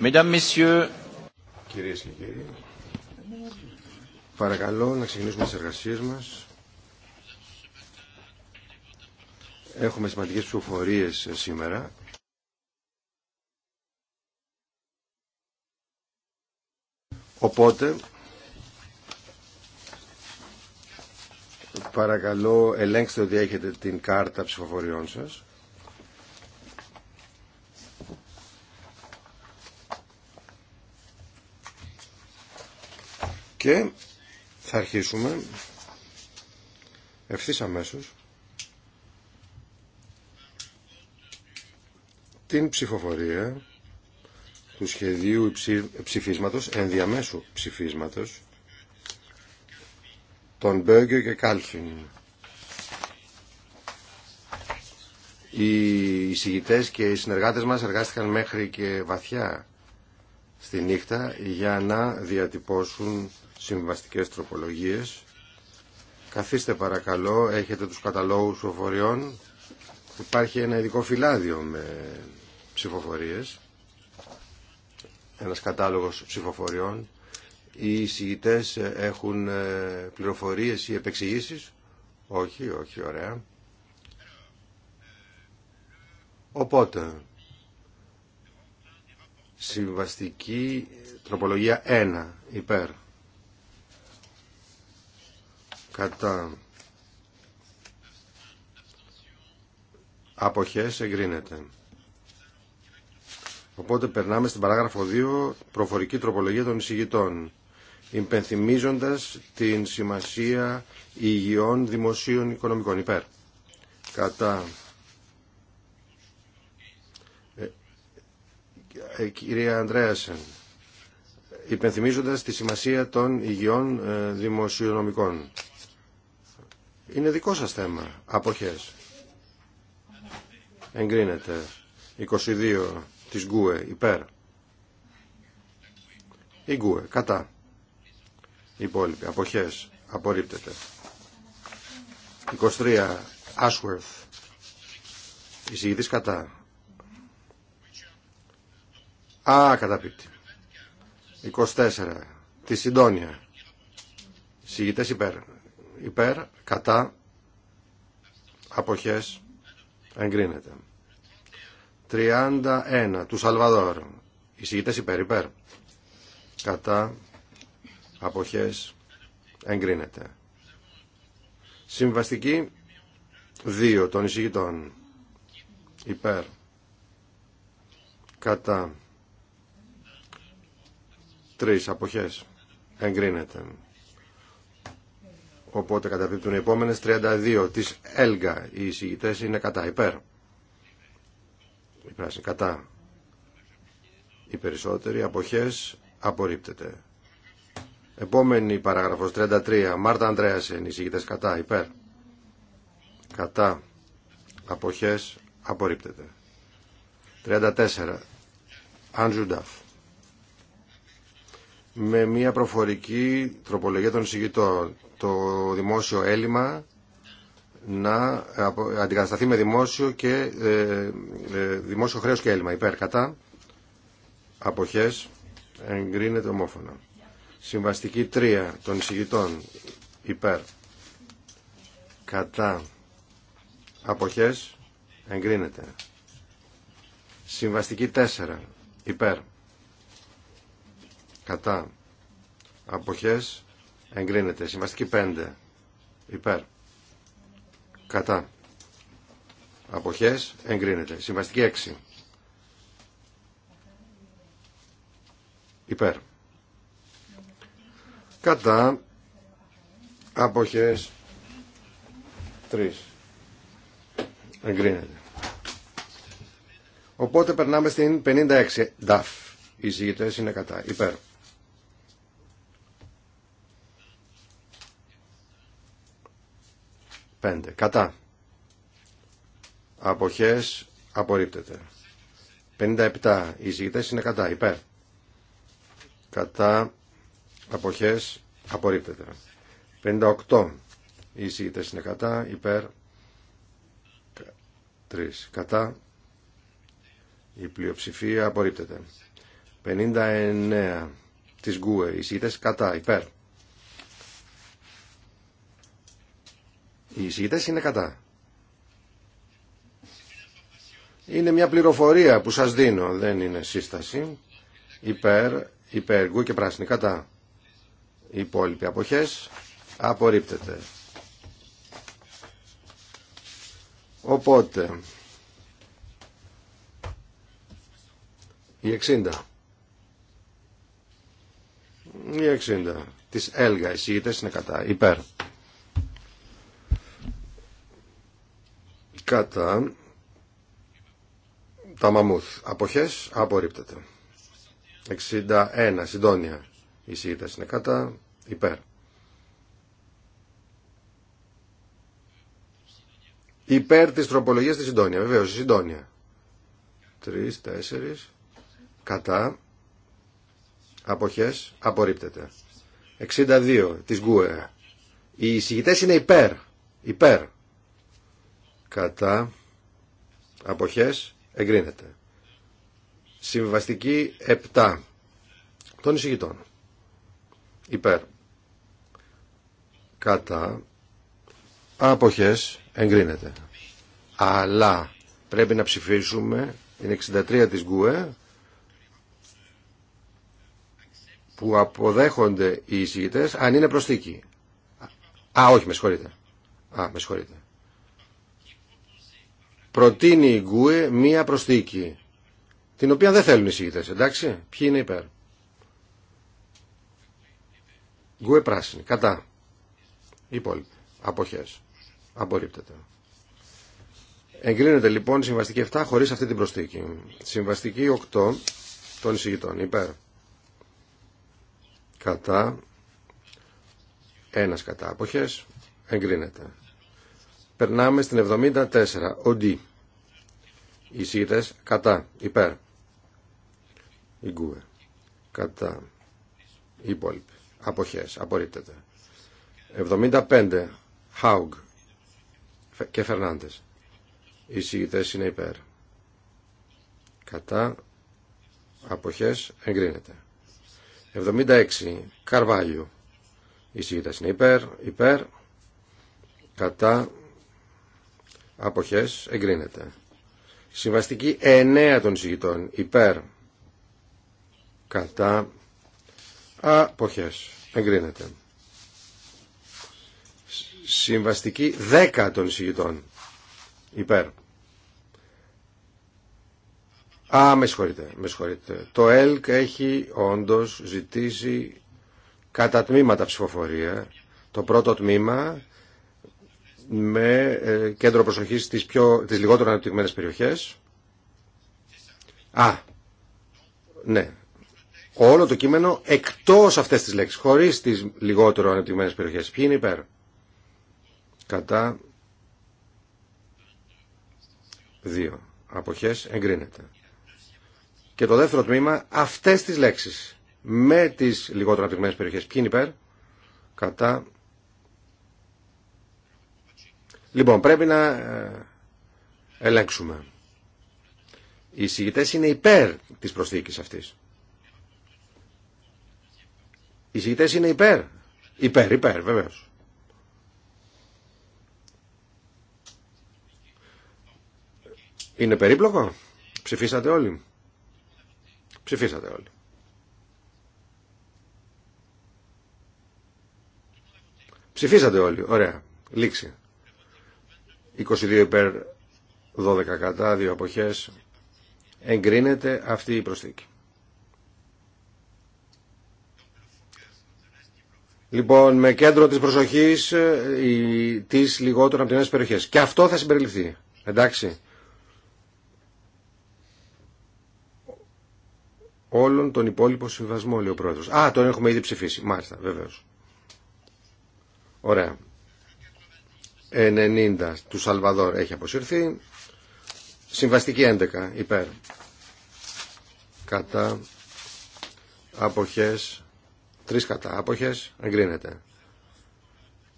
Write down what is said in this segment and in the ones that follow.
Mesdames, Κυρίες και κύριοι, παρακαλώ να ξεκινήσουμε τις εργασίες μας. Έχουμε σημαντικές ψηφοφορίες σήμερα. Οπότε, παρακαλώ ελέγξτε ότι έχετε την κάρτα ψηφοφοριών σας. Και θα αρχίσουμε ευθύς αμέσως την ψηφοφορία του σχεδίου ψηφίσματος, ενδιαμέσου ψηφίσματος, των Μπέγκιο και Κάλφιν. Οι εισηγητές και οι συνεργάτες μας εργάστηκαν μέχρι και βαθιά στη νύχτα για να διατυπώσουν συμβαστικές τροπολογίες. Καθίστε παρακαλώ, έχετε τους καταλόγους ψηφοφοριών. Υπάρχει ένα ειδικό φυλάδιο με ψηφοφορίες. Ένας κατάλογος ψηφοφοριών. Οι εισηγητές έχουν ε, πληροφορίες ή επεξηγήσεις. Όχι, όχι, ωραία. Οπότε, συμβαστική τροπολογία 1, υπέρ κατά αποχές εγκρίνεται. Οπότε περνάμε στην παράγραφο 2, προφορική τροπολογία των εισηγητών, υπενθυμίζοντας την σημασία υγιών δημοσίων οικονομικών υπέρ. Κατά ε, ε κυρία Ανδρέασεν, υπενθυμίζοντας τη σημασία των υγιών ε, δημοσιονομικών είναι δικό σας θέμα. Αποχές. Εγκρίνεται. 22 της Γκουε υπέρ. Η Γκουε κατά. Οι υπόλοιποι. Αποχές. Απορρίπτεται. 23 Ashworth. Εισηγητής κατά. Α, καταπίπτει. 24 τη Συντόνια. Συγητές υπέρ υπέρ, κατά, αποχές, εγκρίνεται. 31 του Σαλβαδόρ, εισηγητές υπέρ, υπέρ, κατά, αποχές, εγκρίνεται. Συμβαστική 2 των εισηγητών, υπέρ, κατά, 3 αποχές, εγκρίνεται. Οπότε καταπίπτουν οι επόμενες 32 της ΕΛΓΑ. Οι εισηγητές είναι κατά υπέρ. Η πράσινη κατά. Οι περισσότεροι αποχές απορρίπτεται. Επόμενη παράγραφος 33. Μάρτα Ανδρέασεν. Οι εισηγητές κατά υπέρ. Κατά. Αποχές απορρίπτεται. 34. Αντζουνταφ. Με μια προφορική τροπολογία των εισηγητών το δημόσιο έλλειμμα να αντικατασταθεί με δημόσιο και ε, ε, δημόσιο χρέος και έλλειμμα. Υπέρ κατά αποχές εγκρίνεται ομόφωνα. Συμβαστική 3 των εισηγητών υπέρ κατά αποχές εγκρίνεται. Συμβαστική 4 υπέρ κατά αποχές εγκρίνεται. Συμβαστική 5 υπέρ κατά αποχές εγκρίνεται. Συμβαστική 6 υπέρ κατά αποχές 3 εγκρίνεται. Οπότε περνάμε στην 56 Δαφ. Οι ζήτητες είναι κατά. Υπέρ. Κατά. Αποχές απορρίπτεται. 57. Οι εισηγητές είναι κατά. Υπέρ. Κατά. Αποχές απορρίπτεται. 58. Οι εισηγητές είναι κατά. Υπέρ. 3. Κατά. Η πλειοψηφία απορρίπτεται. 59 της ΓΚΟΕ. Οι εισηγητές κατά. Υπέρ. Οι εισηγητές είναι κατά. Είναι μια πληροφορία που σας δίνω, δεν είναι σύσταση. Υπέρ, υπέρ, και πράσινη, κατά. Οι υπόλοιποι αποχές απορρίπτεται. Οπότε, η 60. Η 60. Της Έλγα, οι είναι κατά, υπέρ. κατά τα μαμούθ. Αποχές απορρίπτεται. 61 συντόνια. Η σύγητας είναι κατά υπέρ. Υπέρ της τροπολογίας της συντόνια. Βεβαίως η συντόνια. 3, 4 κατά αποχές απορρίπτεται. 62 της Γκουε. Οι εισηγητές είναι υπέρ. Υπέρ κατά αποχές εγκρίνεται. Συμβαστική 7 των εισηγητών. Υπέρ. Κατά αποχές εγκρίνεται. Αλλά πρέπει να ψηφίσουμε την 63 της ΓΚΟΕ που αποδέχονται οι εισηγητές αν είναι προσθήκη. Α, όχι, με συγχωρείτε. Α, με συγχωρείτε προτείνει η Γκουε μία προσθήκη, την οποία δεν θέλουν οι συγητές, εντάξει, ποιοι είναι υπέρ. Γκουε πράσινη, κατά, υπόλοιποι, αποχές, απορρίπτεται. Εγκρίνεται λοιπόν η συμβαστική 7 χωρίς αυτή την προσθήκη. Συμβαστική 8 των εισηγητών, υπέρ. Κατά, ένας κατά αποχές, εγκρίνεται. Περνάμε στην 74. Οντί. Οι κατά. Υπέρ. Η Κατά. Οι υπόλοιποι. Αποχέ. Απορρίπτεται. 75. Χαουγ Και Φερνάντες. Οι είναι υπέρ. Κατά. απόχέ, Εγκρίνεται. 76. Καρβάλιο. Οι είναι υπέρ. Υπέρ. Κατά αποχές εγκρίνεται. Συμβαστική 9 των εισηγητών υπέρ κατά αποχές εγκρίνεται. Συμβαστική 10 των εισηγητών υπέρ. Α, με συγχωρείτε, με συγχωρείτε. Το ΕΛΚ έχει όντως ζητήσει κατά τμήματα ψηφοφορία. Το πρώτο τμήμα με ε, κέντρο προσοχής στις, πιο, στις λιγότερο αναπτυγμένες περιοχές. Α, ναι. Όλο το κείμενο εκτός αυτές τις λέξεις, χωρίς τις λιγότερο αναπτυγμένες περιοχές. Ποιοι είναι υπέρ. Κατά δύο. Αποχές εγκρίνεται. Και το δεύτερο τμήμα, αυτές τις λέξεις, με τις λιγότερο αναπτυγμένες περιοχές. Ποιοι είναι υπέρ. Κατά Λοιπόν, πρέπει να ε, ελέγξουμε. Οι συγητές είναι υπέρ της προσθήκης αυτής. Οι συγητές είναι υπέρ. Υπέρ, υπέρ, βεβαίως. Είναι περίπλοκο. Ψηφίσατε όλοι. Ψηφίσατε όλοι. Ψηφίσατε όλοι. Ωραία. Λήξη. 22 υπέρ 12 κατά, δύο αποχές. Εγκρίνεται αυτή η προσθήκη. Λοιπόν, με κέντρο της προσοχής ε, η, της λιγότερο από τις περιοχές. Και αυτό θα συμπεριληφθεί. Εντάξει. Όλον τον υπόλοιπο συμβασμό, λέει ο πρόεδρος. Α, τον έχουμε ήδη ψηφίσει. Μάλιστα, βεβαίως. Ωραία. 90 του Σαλβαδόρ έχει αποσυρθεί. Συμβαστική 11 υπέρ. Κατά αποχές, τρεις κατά αποχές, εγκρίνεται.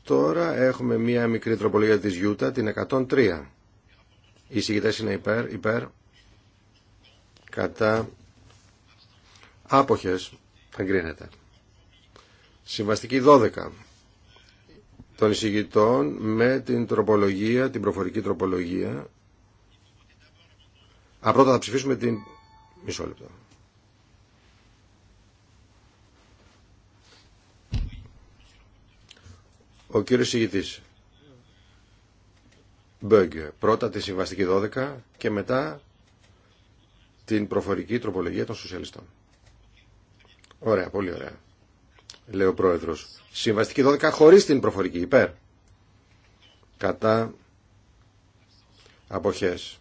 Τώρα έχουμε μία μικρή τροπολογία της Γιούτα, την 103. Οι συγκητές είναι υπέρ, υπέρ, κατά άποχες, εγκρίνεται. Συμβαστική 12 των εισηγητών με την τροπολογία, την προφορική τροπολογία. Α, πρώτα θα ψηφίσουμε την... Μισό λεπτό. Ο κύριος εισηγητής. Μπέγκε. Πρώτα τη συμβαστική 12 και μετά την προφορική τροπολογία των σοσιαλιστών. Ωραία, πολύ ωραία λέει ο πρόεδρος. Συμβαστική 12 χωρί την προφορική υπέρ. Κατά αποχές.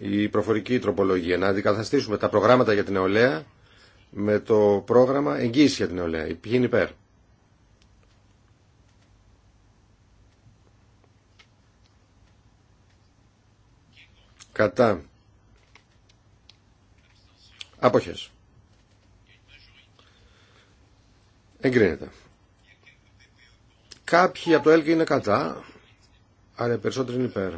Η προφορική τροπολογία να αντικαταστήσουμε τα προγράμματα για την νεολαία με το πρόγραμμα εγγύηση για την νεολαία. Ποιοι υπέρ. Κατά. Αποχές. Εγκρίνεται. Κάποιοι από το ΕΛΚ είναι κατά, αλλά περισσότεροι είναι υπέρ.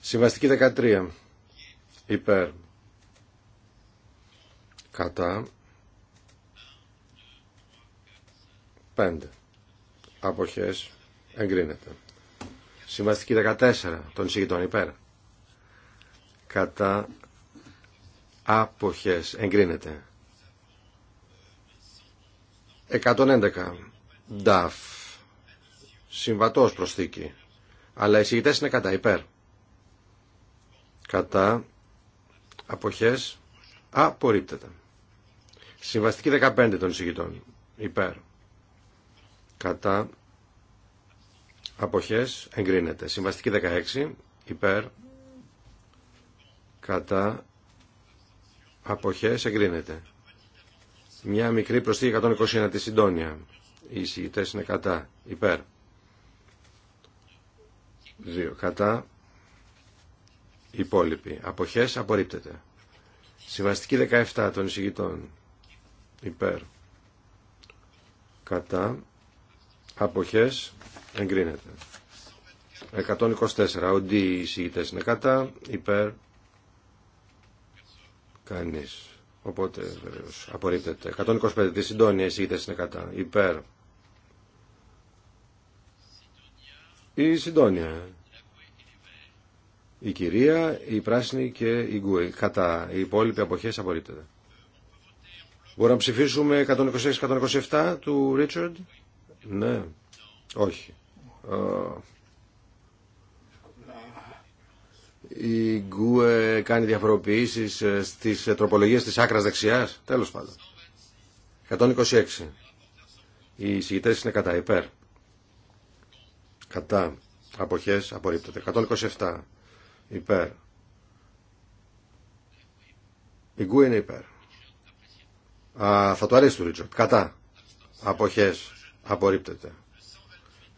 Συμβαστική 13. Υπέρ. Κατά. 5. Αποχές. Εγκρίνεται. Συμβαστική 14. Των συγκριτών υπέρ. Κατά. Αποχές. Εγκρίνεται. 111. Νταφ. Συμβατός προσθήκη. Αλλά οι συγητές είναι κατά. Υπέρ. Κατά. Αποχές. Απορρίπτεται. Συμβαστική 15 των εισηγητών. Υπέρ. Κατά. Αποχές. Εγκρίνεται. Συμβαστική 16. Υπέρ. Κατά. Αποχές. Εγκρίνεται. Μια μικρή προσθήκη 121 τη Συντόνια. Οι εισηγητέ είναι κατά. Υπέρ. Δύο. Κατά. Υπόλοιποι. Αποχές απορρίπτεται. Συμβαστική 17 των εισηγητών. Υπέρ. Κατά. Αποχές εγκρίνεται. 124. Οντί οι εισηγητέ είναι κατά. Υπέρ. Κανείς. Οπότε βεβαίως απορρίπτεται. 125. Τη συντόνια εισήγητες είναι κατά. Υπέρ. Η συντόνια. Η κυρία, η πράσινη και η γκουε. Κατά. Οι υπόλοιποι αποχές απορρίπτεται. Μπορούμε να ψηφίσουμε 126-127 του Ρίτσορντ. Ναι. Όχι. η Γκουε κάνει διαφοροποιήσει ε, στι ε, τροπολογίε τη άκρα δεξιά, τέλο πάντων. 126. Οι συγκητές είναι κατά υπέρ. Κατά. αποχέ απορρίπτεται. 127. Υπέρ. Η Γκουε είναι υπέρ. θα το αρέσει του Ρίτσο. Κατά. Αποχές απορρίπτεται.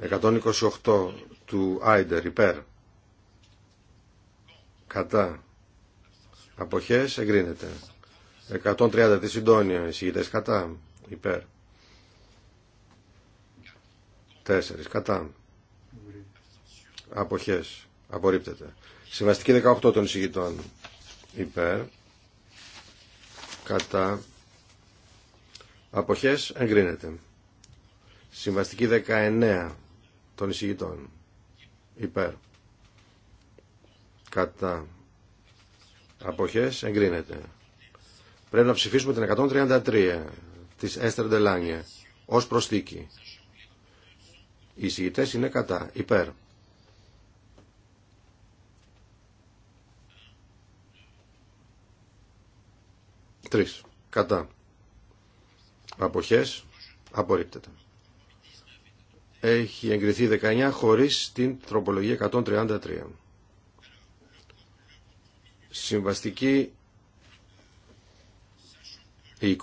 128 του Άιντερ υπέρ κατά αποχές εγκρίνεται 130 Τη συντόνια εισηγητές κατά υπέρ 4 κατά αποχές απορρίπτεται συμβαστική 18 των εισηγητών υπέρ κατά αποχές εγκρίνεται συμβαστική 19 των εισηγητών υπέρ κατά αποχές εγκρίνεται. Πρέπει να ψηφίσουμε την 133 της Έστερ Ντελάνια ως προστίκη. Οι εισηγητές είναι κατά, υπέρ. Τρεις, κατά. Αποχές, απορρίπτεται. Έχει εγκριθεί 19 χωρίς την τροπολογία 133. Συμβαστική 20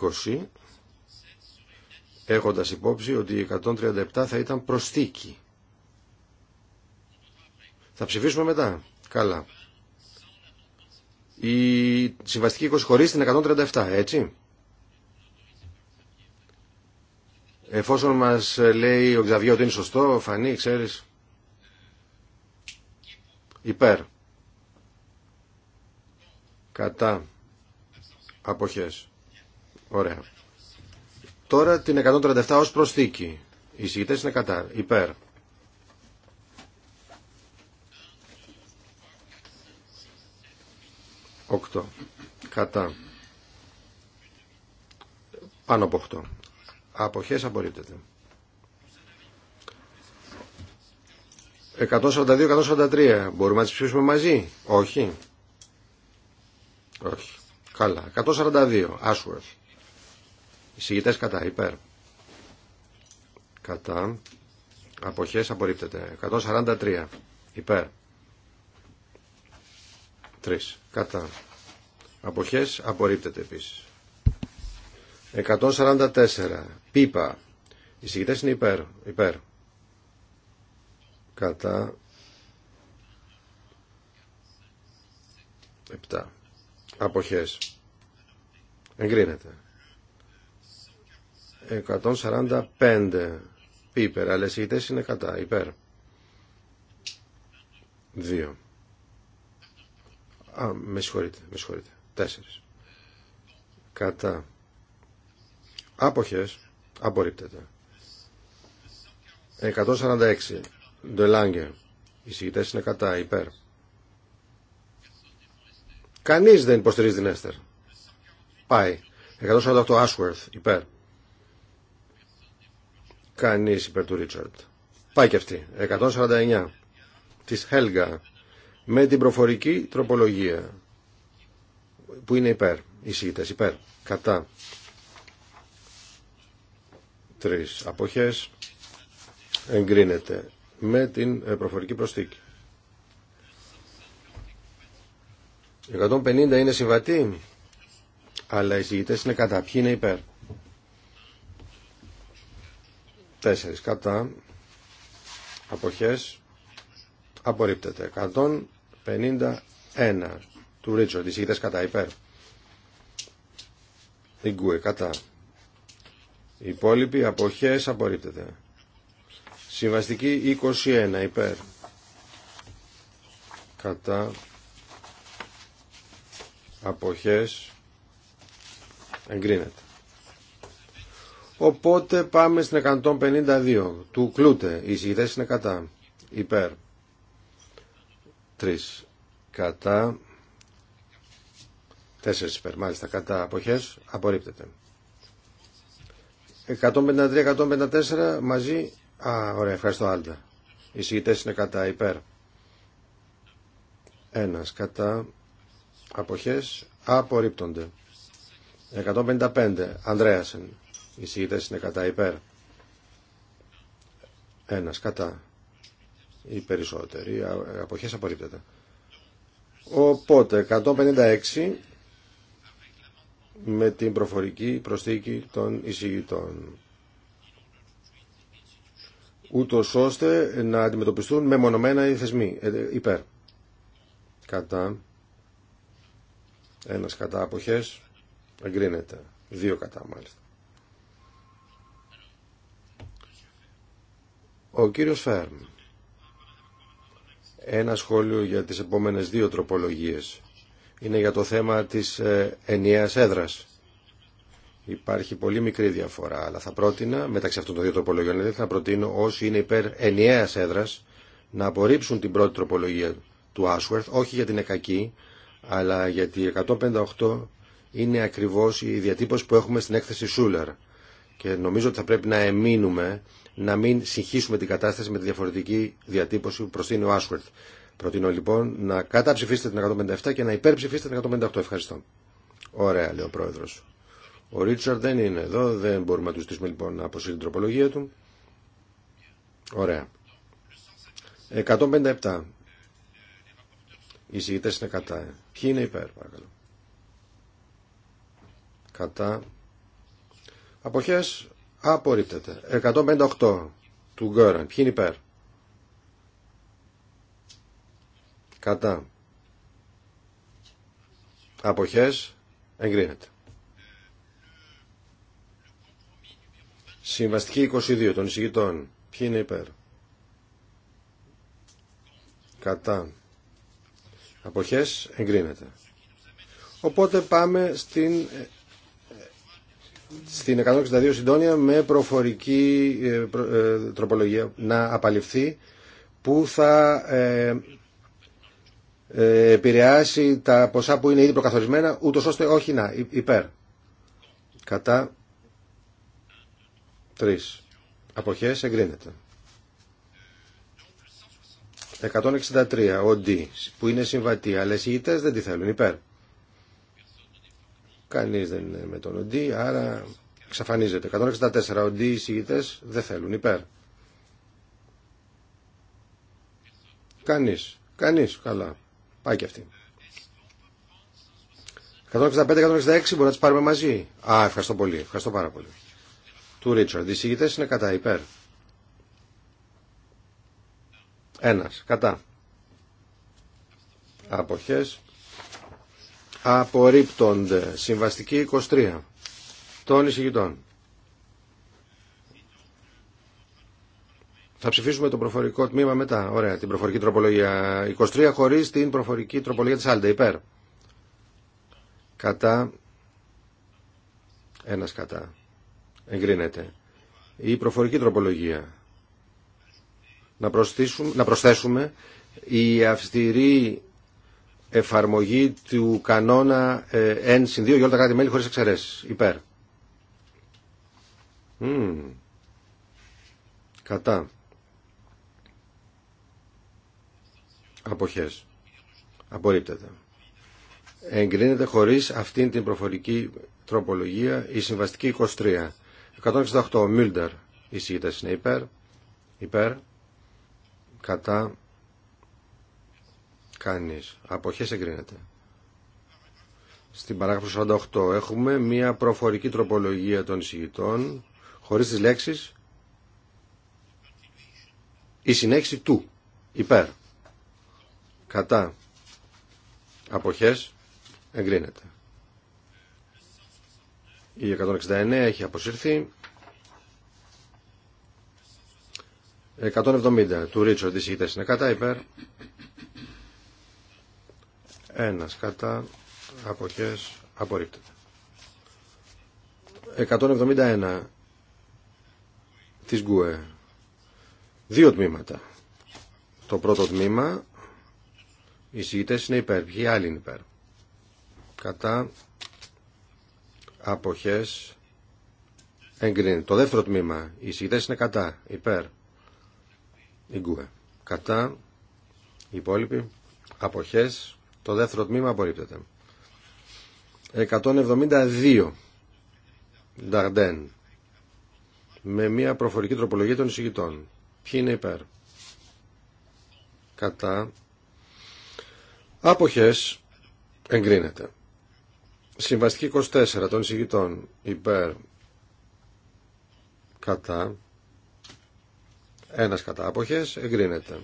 έχοντας υπόψη ότι η 137 θα ήταν προστίκη. Θα ψηφίσουμε μετά. Καλά. Η συμβαστική 20 χωρίς την 137, έτσι. Εφόσον μας λέει ο Ξαβιό ότι είναι σωστό, φανεί, ξέρεις. Υπέρ κατά αποχές. Ωραία. Τώρα την 137 ως προσθήκη. Οι συγκητές είναι κατά. Υπέρ. Οκτώ. Κατά. Πάνω από από Αποχές απορρίπτεται. 142-143. Μπορούμε να τις ψηφίσουμε μαζί. Όχι. Όχι. Καλά. 142. Άσουερ. Εισηγητές κατά. Υπέρ. Κατά. Αποχές απορρίπτεται. 143. Υπέρ. 3. Κατά. Αποχές απορρίπτεται επίσης. 144. Πίπα. Οι είναι υπέρ. υπέρ. Κατά. 7 αποχές εγκρίνεται 145 πίπερ αλλά οι είναι κατά υπέρ 2 α με συγχωρείτε με συγχωρείτε 4 κατά αποχές απορρίπτεται 146 ντελάνγκε οι είναι κατά υπέρ Κανείς δεν υποστηρίζει την Έστερ. Πάει. 148 Ashworth υπέρ. Κανείς υπέρ του Ρίτσαρτ. Πάει και αυτή. 149 της Χέλγα με την προφορική τροπολογία που είναι υπέρ. Οι υπέρ. Κατά. τρει αποχές εγκρίνεται με την ε, προφορική προστίκη. 150 είναι συμβατή, αλλά οι συγητές είναι κατά. Ποιοι είναι υπέρ. 4 κατά. Αποχές. Απορρίπτεται. 151 του Ρίτσο. Οι κατά. Υπέρ. Η Γκουε κατά. Οι υπόλοιποι αποχές απορρίπτεται. Συμβαστική 21 υπέρ. Κατά αποχές εγκρίνεται. Οπότε πάμε στην 152 του κλούτε. Οι συγκεκριτές είναι κατά. Υπέρ. 3. Κατά. 4 υπέρ. Μάλιστα κατά αποχές απορρίπτεται. 153-154 μαζί. Α, ωραία, ευχαριστώ Άλτα. Οι συγκεκριτές είναι κατά υπέρ. 1 κατά αποχές απορρίπτονται. 155 Ανδρέασεν. Οι συγητές είναι κατά υπέρ. Ένας κατά. Οι περισσότεροι. Αποχές απορρίπτονται. Οπότε 156 με την προφορική προσθήκη των εισηγητών ούτω ώστε να αντιμετωπιστούν μεμονωμένα οι θεσμοί ε, ε, υπέρ. Κατά ένας κατά αποχές εγκρίνεται. Δύο κατά μάλιστα. Ο κύριος Φέρμ. Ένα σχόλιο για τις επόμενες δύο τροπολογίες. Είναι για το θέμα της ε, ενιαίας έδρας. Υπάρχει πολύ μικρή διαφορά, αλλά θα πρότεινα μεταξύ αυτών των δύο τροπολογιών, δηλαδή θα προτείνω όσοι είναι υπέρ ενιαίας έδρας να απορρίψουν την πρώτη τροπολογία του Άσουερθ, όχι για την εκακή, αλλά γιατί 158 είναι ακριβώς η διατύπωση που έχουμε στην έκθεση Σούλερ και νομίζω ότι θα πρέπει να εμείνουμε να μην συγχύσουμε την κατάσταση με τη διαφορετική διατύπωση που προτείνει ο Άσχουερτ. Προτείνω λοιπόν να καταψηφίσετε την 157 και να υπερψηφίσετε την 158. Ευχαριστώ. Ωραία, λέει ο πρόεδρο. Ο Ρίτσαρντ δεν είναι εδώ, δεν μπορούμε να του στήσουμε λοιπόν από την τροπολογία του. Ωραία. 157. Οι συγητές είναι κατά. Ποιοι είναι υπέρ, παρακαλώ. Κατά. Αποχές απορρίπτεται. 158 του Γκόραν. Ποιοι είναι υπέρ. Κατά. Αποχές εγκρίνεται. Συμβαστική 22 των εισηγητών. Ποιοι είναι υπέρ. Κατά. Αποχές εγκρίνεται. Οπότε πάμε στην, στην 162 συντόνια με προφορική ε, ε, τροπολογία να απαλληφθεί που θα ε, ε, επηρεάσει τα ποσά που είναι ήδη προκαθορισμένα ούτως ώστε όχι να υπέρ κατά τρεις αποχές εγκρίνεται. 163, ο που είναι συμβατή, αλλά οι συγητές δεν τη θέλουν υπέρ. Κανείς δεν είναι με τον άρα εξαφανίζεται. 164, ο D, οι συγητές δεν θέλουν υπέρ. Κανείς, κανείς, καλά. Πάει και αυτή. 165-166 μπορούμε να τις πάρουμε μαζί. Α, ευχαριστώ πολύ, ευχαριστώ πάρα πολύ. Του Ρίτσορντ, οι συγητές είναι κατά υπέρ. Ένας. Κατά. Αποχές. Απορρίπτονται. Συμβαστική 23. Των εισηγητών. Θα ψηφίσουμε το προφορικό τμήμα μετά. Ωραία, την προφορική τροπολογία. 23 χωρίς την προφορική τροπολογία της Άλντε. Υπέρ. Κατά. Ένας κατά. Εγκρίνεται. Η προφορική τροπολογία να, να προσθέσουμε η αυστηρή εφαρμογή του κανόνα ε, N συν 2 για όλα τα κράτη-μέλη χωρίς εξαιρέσεις. Υπέρ. Κατά. Αποχές. Απορρίπτεται. Εγκρίνεται χωρίς αυτήν την προφορική τροπολογία η συμβαστική 23. 168. Μίλντερ. Οι είναι υπέρ. Υπέρ κατά κανείς. Αποχές εγκρίνεται. Στην παράγραφο 48 έχουμε μία προφορική τροπολογία των εισηγητών χωρίς τις λέξεις η συνέχιση του υπέρ κατά αποχές εγκρίνεται. Η 169 έχει αποσυρθεί. 170 του Ρίτσορντ εισηγητές είναι κατά υπέρ. είπε, κατά αποχές απορρίπτεται. 171 της Γκουέ. Δύο τμήματα. Το πρώτο τμήμα οι εισηγητές είναι υπέρ. Ποιοι άλλοι είναι υπέρ. Κατά αποχές εγκρίνει. Το δεύτερο τμήμα οι εισηγητές είναι κατά υπέρ Κατά οι υπόλοιποι αποχές το δεύτερο τμήμα απορρίπτεται. 172 Νταρντέν με μια προφορική τροπολογία των εισηγητών. Ποιοι είναι υπέρ. Κατά αποχές εγκρίνεται. Συμβαστική 24 των εισηγητών υπέρ κατά ένας κατά αποχές εγκρίνεται.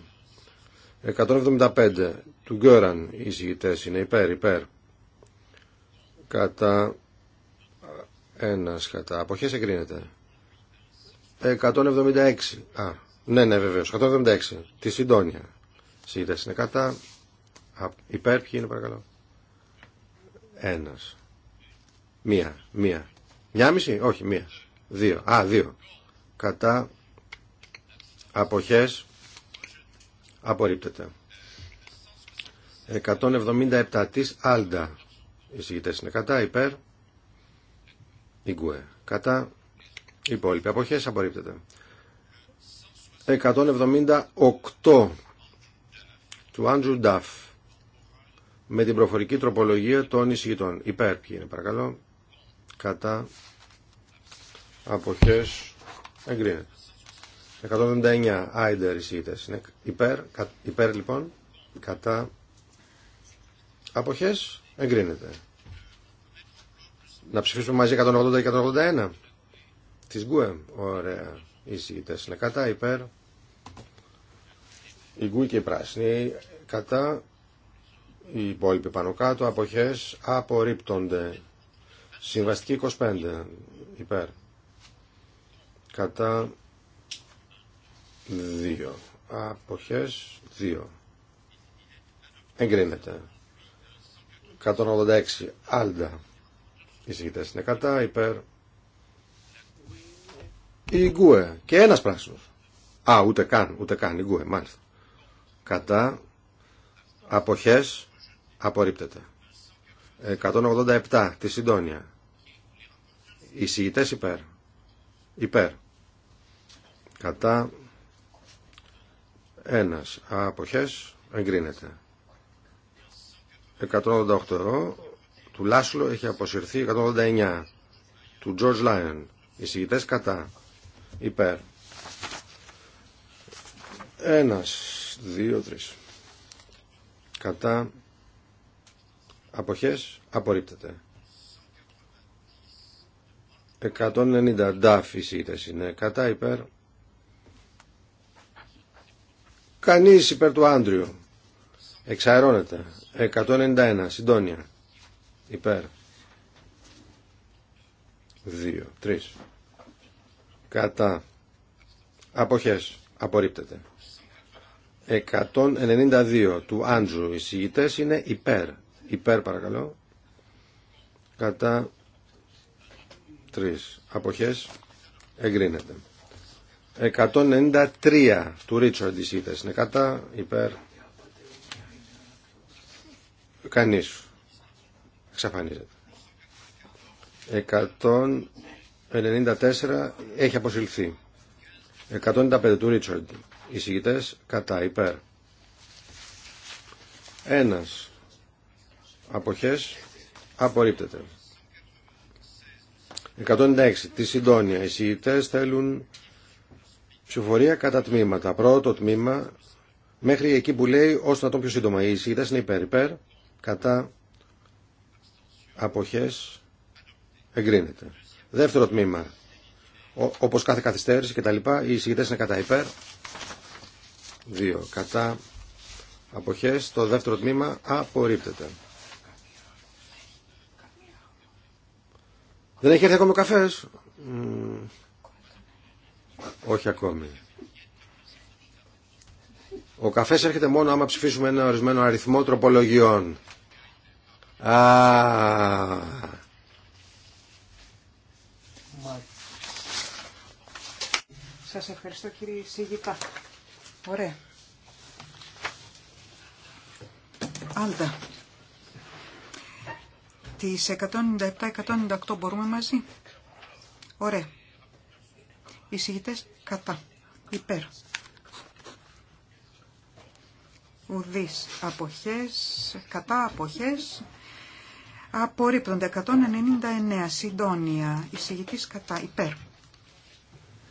175 του Γκέραν οι συγητές είναι υπέρ, υπέρ. Κατά ένας κατά αποχές εγκρίνεται. 176. Α, ναι, ναι, βεβαίως. 176. Τη Συντόνια. Συγητές είναι κατά. υπέρ ποιοι είναι παρακαλώ. Ένας. Μία. Μία. Μία μισή. Όχι, μία. Δύο. Α, δύο. Κατά αποχές απορρίπτεται 177 της Άλντα οι είναι κατά υπέρ Ιγκουέ κατά υπόλοιποι αποχές απορρίπτεται 178 του Άντζου Νταφ με την προφορική τροπολογία των εισηγητών. Υπέρ ποιοι είναι παρακαλώ. Κατά αποχές εγκρίνεται. 179 Άιντερ ρησίτες είναι υπέρ, κα, υπέρ λοιπόν κατά αποχές εγκρίνεται να ψηφίσουμε μαζί 180 και 181 της Γκουε ωραία οι εισηγητές είναι κατά υπέρ η Γκουε και η Πράσινη κατά οι υπόλοιποι πάνω κάτω αποχές απορρίπτονται συμβαστική 25 υπέρ κατά Δύο. Αποχές Δύο. Εγκρίνεται. 186. Άλντα. Οι συγκεκριτές είναι κατά. Υπέρ. Η Γκουε. Και ένας πράσινος. Α, ούτε καν. Ούτε καν. Η Γκουε. Μάλιστα. Κατά. Αποχές. Απορρίπτεται. 187. Τη Συντόνια. Οι συγκεκριτές υπέρ. Υπέρ. Κατά ένας. Αποχές. Εγκρίνεται. 188 ευρώ. Του Λάσλο έχει αποσυρθεί 189. Του George Lyon. Εισηγητές κατά. Υπέρ. Ένας. Δύο, τρεις. Κατά. Αποχές. Απορρίπτεται. 190 ντάφ εισηγητές είναι. Κατά υπέρ Κανείς υπέρ του Άντριου. Εξαερώνεται. 191. Συντόνια. Υπέρ. 2. 3. Κατά. Αποχές. Απορρίπτεται. 192 του Άντζου. Οι συγητές είναι υπέρ. Υπέρ παρακαλώ. Κατά. 3. Αποχές. Εγκρίνεται. 193 του Ρίτσορντ εισήτες. Είναι κατά, υπέρ. Κανείς. Εξαφανίζεται. 194 έχει αποσυλθεί. 195 του Ρίτσορντ. Εισηγητές κατά, υπέρ. Ένας. Αποχές. Απορρίπτεται. 196. Τη συντόνια. Οι θέλουν Ψηφοφορία κατά τμήματα. Πρώτο τμήμα μέχρι εκεί που λέει ώστε να το πιο σύντομα. Οι εισηγητές είναι υπέρ, υπέρ, κατά αποχές εγκρίνεται. Δεύτερο τμήμα, όπως κάθε καθυστέρηση και τα λοιπά, οι εισηγητές είναι κατά υπέρ, δύο, κατά αποχές, το δεύτερο τμήμα απορρίπτεται. Δεν έχει έρθει ακόμα καφές. Όχι ακόμη. Ο καφές έρχεται μόνο άμα ψηφίσουμε ένα ορισμένο αριθμό τροπολογιών. Α, Σας ευχαριστώ κύριε Σιγητά. Ωραία. Άλτα. Τις 197-198 μπορούμε μαζί. Ωραία εισηγητές κατά, υπέρ. Ουδείς αποχές, κατά αποχές, απορρίπτονται 199, συντόνια, εισηγητής κατά, υπέρ.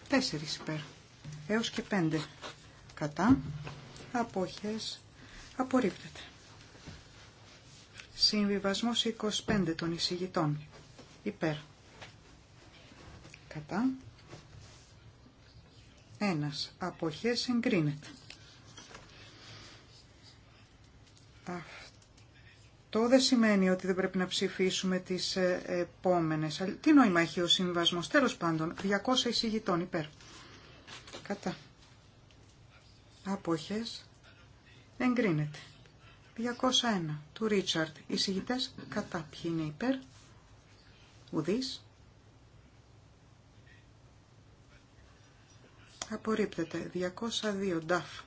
Τέσσερις υπέρ, έως και πέντε, κατά, αποχές, απορρίπτεται. Συμβιβασμό 25 των εισηγητών, υπέρ. Κατά ένας. Αποχές εγκρίνεται. Αυτό δεν σημαίνει ότι δεν πρέπει να ψηφίσουμε τις ε, επόμενες. Τι νόημα έχει ο συμβασμός. Τέλος πάντων, 200 εισηγητών υπέρ. Κατά. Αποχές εγκρίνεται. 201 του Ρίτσαρτ. Εισηγητές κατά. Ποιοι είναι υπέρ. Ουδής. Απορρίπτεται. 202. Νταφ.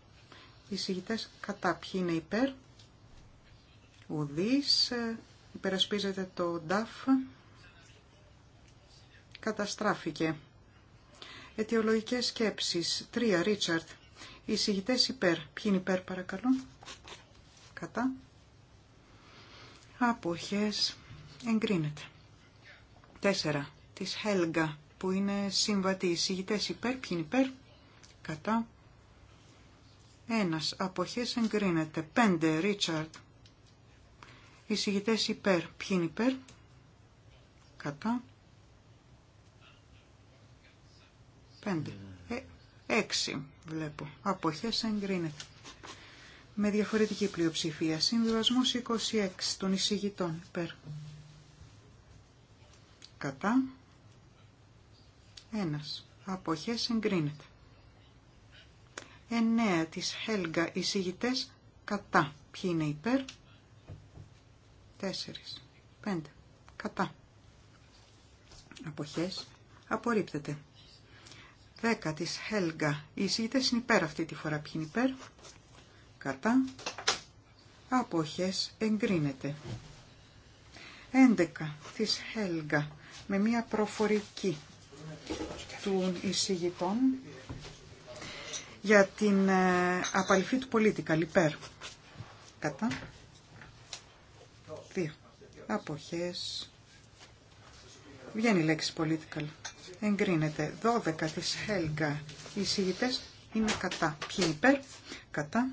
συγητέ κατά. Ποιοι είναι υπέρ. Ουδής. Ε, υπερασπίζεται το Νταφ. Καταστράφηκε. Αιτιολογικές σκέψεις. 3. Ρίτσαρτ. συγητέ υπέρ. Ποιοι είναι υπέρ παρακαλώ. Κατά. Αποχές. Εγκρίνεται. 4. Της Χέλγκα που είναι συμβατή. συγητές υπέρ. Ποιοι είναι υπέρ κατά. Ένας αποχές εγκρίνεται. πέντε. Ρίτσαρντ. Εισηγητές υπέρ. Ποιοι είναι υπέρ. Κατά. πέντε. Ε, έξι βλέπω. Αποχές εγκρίνεται. Με διαφορετική πλειοψηφία. σύνδυασμός 26 των εισηγητών υπέρ. Κατά. Ένας. Αποχές εγκρίνεται. 9 της Χέλγκα εισηγητές κατά. Ποιοι είναι υπέρ. 4. 5. Κατά. Αποχές. Απορρίπτεται. 10 της Χέλγκα εισηγητές είναι υπέρ αυτή τη φορά. Ποιοι είναι υπέρ. Κατά. Αποχές. Εγκρίνεται. 11 της Χέλγκα με μια προφορική των εισηγητών για την ε, απαλυφή του πολίτη. Καλυπέρ. Κατά. Δύο. Αποχές. Βγαίνει η λέξη political. Εγκρίνεται. 12 της Χέλγκα. Οι εισηγητές είναι κατά. Ποιοι υπέρ. Κατά.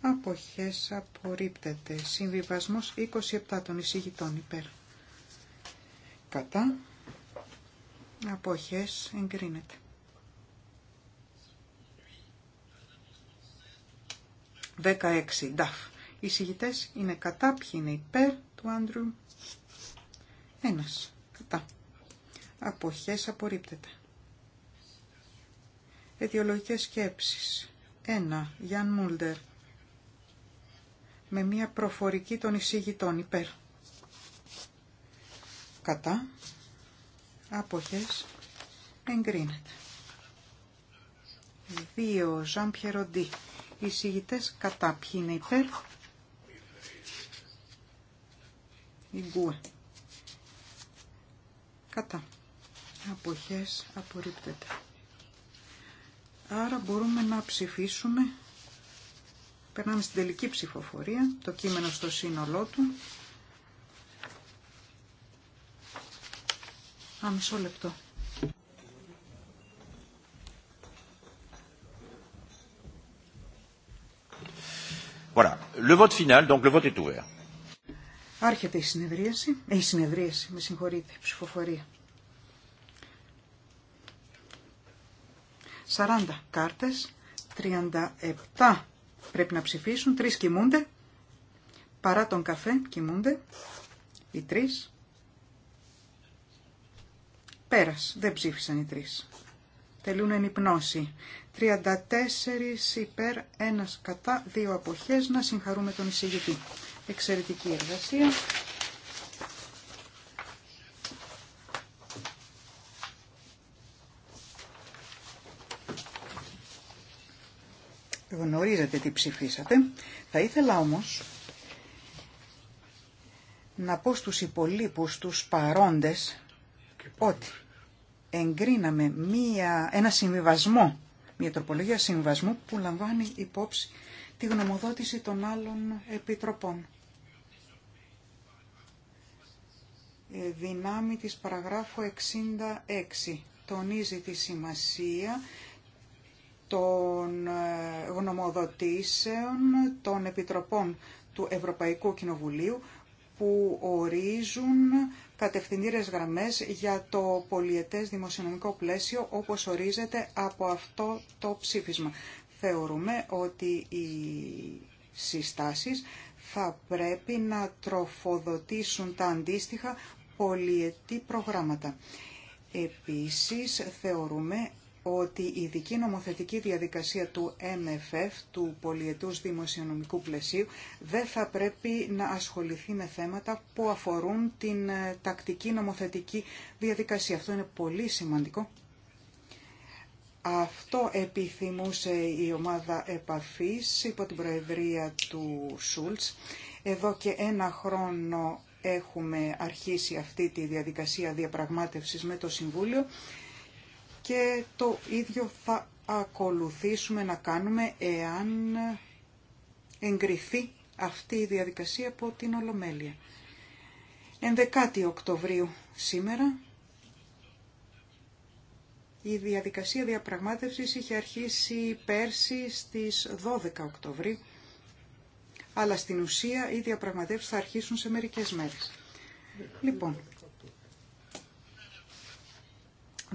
Αποχές απορρίπτεται. Συμβιβασμός 27 των εισηγητών υπέρ. Κατά. Αποχές εγκρίνεται. 16. Νταφ. Οι συγητέ είναι κατά. Ποιοι είναι υπέρ του Άντρου. Ένα. Κατά. Αποχέ, απορρίπτεται. Αιτιολογικέ σκέψεις. ένα Γιάν Μούλτερ. Με μία προφορική των εισηγητών υπέρ. Κατά. Αποχέ. Εγκρίνεται. 2. Ζαν Πιεροντή οι συγητές κατά. Ποιοι είναι υπέρ. Η γκουε. Κατά. Αποχές απορρίπτεται. Άρα μπορούμε να ψηφίσουμε. Περνάμε στην τελική ψηφοφορία. Το κείμενο στο σύνολό του. Α, λεπτό. Le vote final, donc le vote est ouvert. Άρχεται η συνεδρίαση, ε, η συνεδρίαση, με συγχωρείτε, η ψηφοφορία. 40 κάρτες, 37 πρέπει να ψηφίσουν, τρεις κοιμούνται, παρά τον καφέ κοιμούνται, οι τρεις. Πέρας, δεν ψήφισαν οι τρεις τελούν εν υπνώση. 34 υπέρ, 1 κατά, 2 αποχές. Να συγχαρούμε τον εισηγητή. Εξαιρετική εργασία. Γνωρίζετε τι ψηφίσατε. Θα ήθελα όμως να πω στους υπολείπους, τους παρόντες, ότι εγκρίναμε μία, ένα συμβιβασμό, μία τροπολογία συμβιβασμού που λαμβάνει υπόψη τη γνωμοδότηση των άλλων επιτροπών. Ε, δυνάμει της παραγράφου 66 τονίζει τη σημασία των ε, γνωμοδοτήσεων των επιτροπών του Ευρωπαϊκού Κοινοβουλίου που ορίζουν κατευθυντήρες γραμμές για το πολιετές δημοσιονομικό πλαίσιο όπως ορίζεται από αυτό το ψήφισμα. Θεωρούμε ότι οι συστάσεις θα πρέπει να τροφοδοτήσουν τα αντίστοιχα πολιετή προγράμματα. Επίσης θεωρούμε ότι η ειδική νομοθετική διαδικασία του MFF, του πολιετούς δημοσιονομικού πλαισίου, δεν θα πρέπει να ασχοληθεί με θέματα που αφορούν την ε, τακτική νομοθετική διαδικασία. Αυτό είναι πολύ σημαντικό. Αυτό επιθυμούσε η ομάδα επαφής υπό την προεδρία του Σούλτς. Εδώ και ένα χρόνο έχουμε αρχίσει αυτή τη διαδικασία διαπραγμάτευσης με το Συμβούλιο και το ίδιο θα ακολουθήσουμε να κάνουμε εάν εγκριθεί αυτή η διαδικασία από την Ολομέλεια. 11 Οκτωβρίου σήμερα η διαδικασία διαπραγμάτευσης είχε αρχίσει πέρσι στις 12 Οκτωβρίου, αλλά στην ουσία οι διαπραγματεύσεις θα αρχίσουν σε μερικές μέρες. Λοιπόν,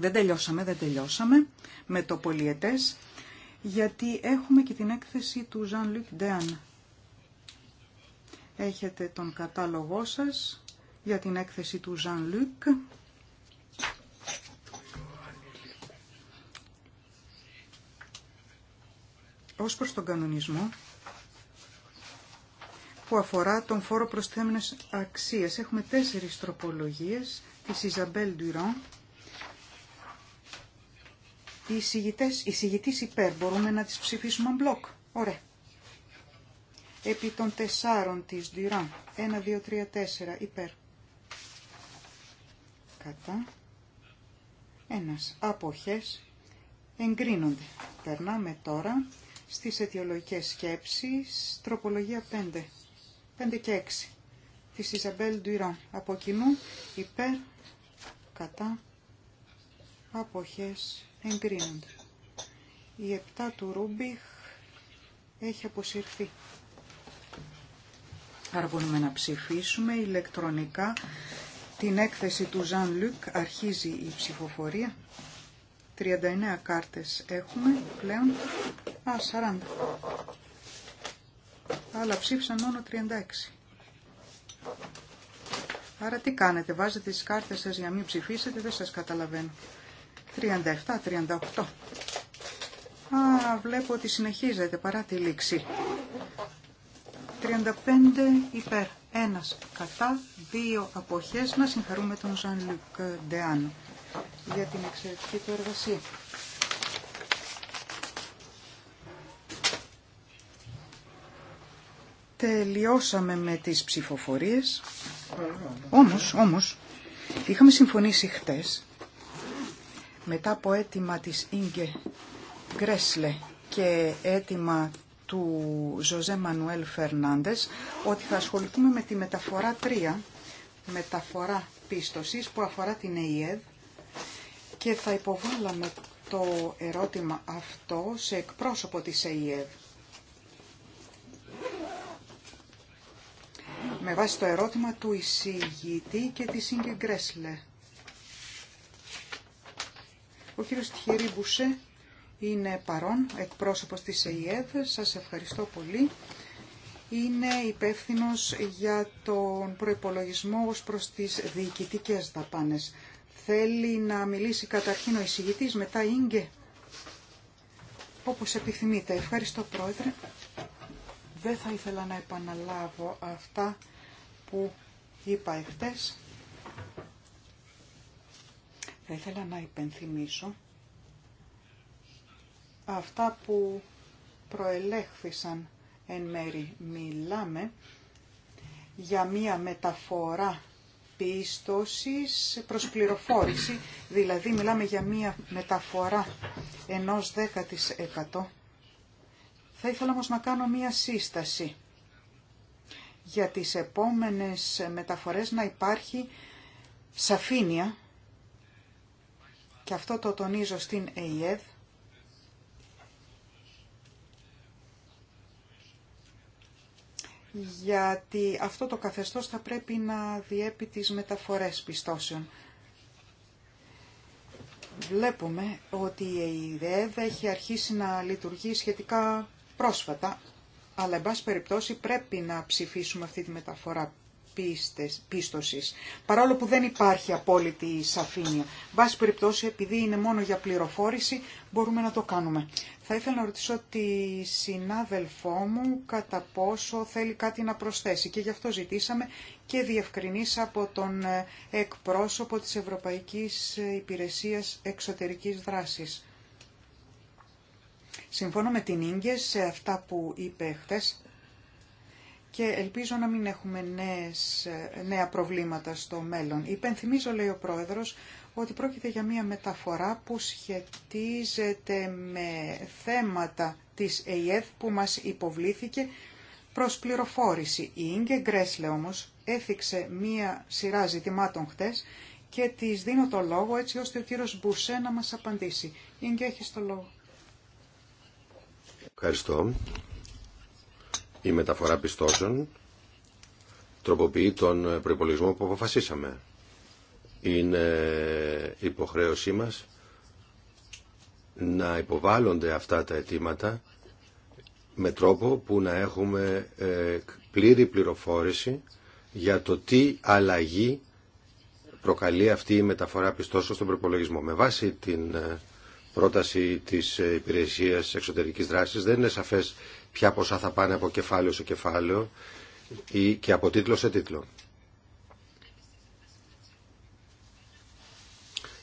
δεν τελειώσαμε, δεν τελειώσαμε με το πολιετές, γιατί έχουμε και την έκθεση του Jean-Luc Dean. Έχετε τον κατάλογό σας για την έκθεση του Jean-Luc. Ως προς τον κανονισμό, που αφορά τον φόρο προσθέμενες αξίες. Έχουμε τέσσερις τροπολογίες της Ιζαμπέλ Ντουρόν, οι συγητές, οι υπέρ μπορούμε να τις ψηφίσουμε μπλοκ. Ωραία. Επί των τεσσάρων της Ντυράν. 1, 2, 3, 4 υπέρ. Κατά. Ένας. Αποχές. Εγκρίνονται. Περνάμε τώρα στις αιτιολογικές σκέψεις. Τροπολογία 5. 5 και 6. Της Ιζαμπέλ Ντουιράν. Από κοινού υπέρ. Κατά. Αποχές εγκρίνονται. Η 7 του Ρούμπιχ έχει αποσυρθεί. Άρα να ψηφίσουμε ηλεκτρονικά την έκθεση του Ζαν Λουκ. Αρχίζει η ψηφοφορία. 39 κάρτες έχουμε πλέον. Α, 40. Αλλά ψήφισαν μόνο 36. Άρα τι κάνετε, βάζετε τις κάρτες σας για να μην ψηφίσετε, δεν σας καταλαβαίνω. 37-38. Α, βλέπω ότι συνεχίζεται παρά τη λήξη. 35 υπέρ, ένας κατά, δύο αποχές. Να συγχαρούμε τον Ζαν Λουκ για την εξαιρετική του εργασία. Τελειώσαμε με τις ψηφοφορίες. Όμως, όμως, είχαμε συμφωνήσει χτες μετά από αίτημα της Ίγκε Γκρέσλε και αίτημα του Ζωζέ Μανουέλ Φερνάντες ότι θα ασχοληθούμε με τη μεταφορά 3, μεταφορά πίστοσης που αφορά την ΕΙΕΔ και θα υποβάλαμε το ερώτημα αυτό σε εκπρόσωπο της ΕΙΕΔ. Με βάση το ερώτημα του εισηγητή και της Ίγκε Γκρέσλε. Ο κύριος Τιχερή Μπουσέ είναι παρόν, εκπρόσωπος της ΕΙΕΔ. Σας ευχαριστώ πολύ. Είναι υπεύθυνο για τον προϋπολογισμό ως προς τις διοικητικές δαπάνες. Θέλει να μιλήσει καταρχήν ο εισηγητής, μετά η Ίγκε. Όπως επιθυμείτε. Ευχαριστώ πρόεδρε. Δεν θα ήθελα να επαναλάβω αυτά που είπα εχθές. Θα ήθελα να υπενθυμίσω αυτά που προελέχθησαν εν μέρη. Μιλάμε για μία μεταφορά πίστοσης προς πληροφόρηση, δηλαδή μιλάμε για μία μεταφορά ενός 10%. Θα ήθελα όμως να κάνω μία σύσταση για τις επόμενες μεταφορές να υπάρχει σαφήνεια και αυτό το τονίζω στην ΕΙΕΔ, γιατί αυτό το καθεστώς θα πρέπει να διέπει τις μεταφορές πιστώσεων. Βλέπουμε ότι η ΕΙΔΕΔ έχει αρχίσει να λειτουργεί σχετικά πρόσφατα, αλλά εν πάση περιπτώσει πρέπει να ψηφίσουμε αυτή τη μεταφορά πίστες, παρόλο που δεν υπάρχει απόλυτη σαφήνεια. Βάση περιπτώσει, επειδή είναι μόνο για πληροφόρηση, μπορούμε να το κάνουμε. Θα ήθελα να ρωτήσω τη συνάδελφό μου κατά πόσο θέλει κάτι να προσθέσει και γι' αυτό ζητήσαμε και διευκρινής από τον ε, εκπρόσωπο της Ευρωπαϊκής Υπηρεσίας Εξωτερικής Δράσης. Συμφώνω με την Ίγκες σε αυτά που είπε χθε και ελπίζω να μην έχουμε νέα προβλήματα στο μέλλον. Υπενθυμίζω, λέει ο Πρόεδρος, ότι πρόκειται για μια μεταφορά που σχετίζεται με θέματα της ΕΙΕΔ που μας υποβλήθηκε προς πληροφόρηση. Η Ίγκε Γκρέσλε όμως έθιξε μία σειρά ζητημάτων χτες και της δίνω το λόγο έτσι ώστε ο κύριος Μπουσέ να μας απαντήσει. Ίγκε, έχεις το λόγο. Ευχαριστώ. Η μεταφορά πιστώσεων τροποποιεί τον προϋπολογισμό που αποφασίσαμε. Είναι υποχρέωσή μας να υποβάλλονται αυτά τα αιτήματα με τρόπο που να έχουμε ε, πλήρη πληροφόρηση για το τι αλλαγή προκαλεί αυτή η μεταφορά πιστώσεων στον προπολογισμό. Με βάση την ε, πρόταση της ε, Υπηρεσίας Εξωτερικής Δράσης δεν είναι σαφές ποια ποσά θα πάνε από κεφάλαιο σε κεφάλαιο ή και από τίτλο σε τίτλο.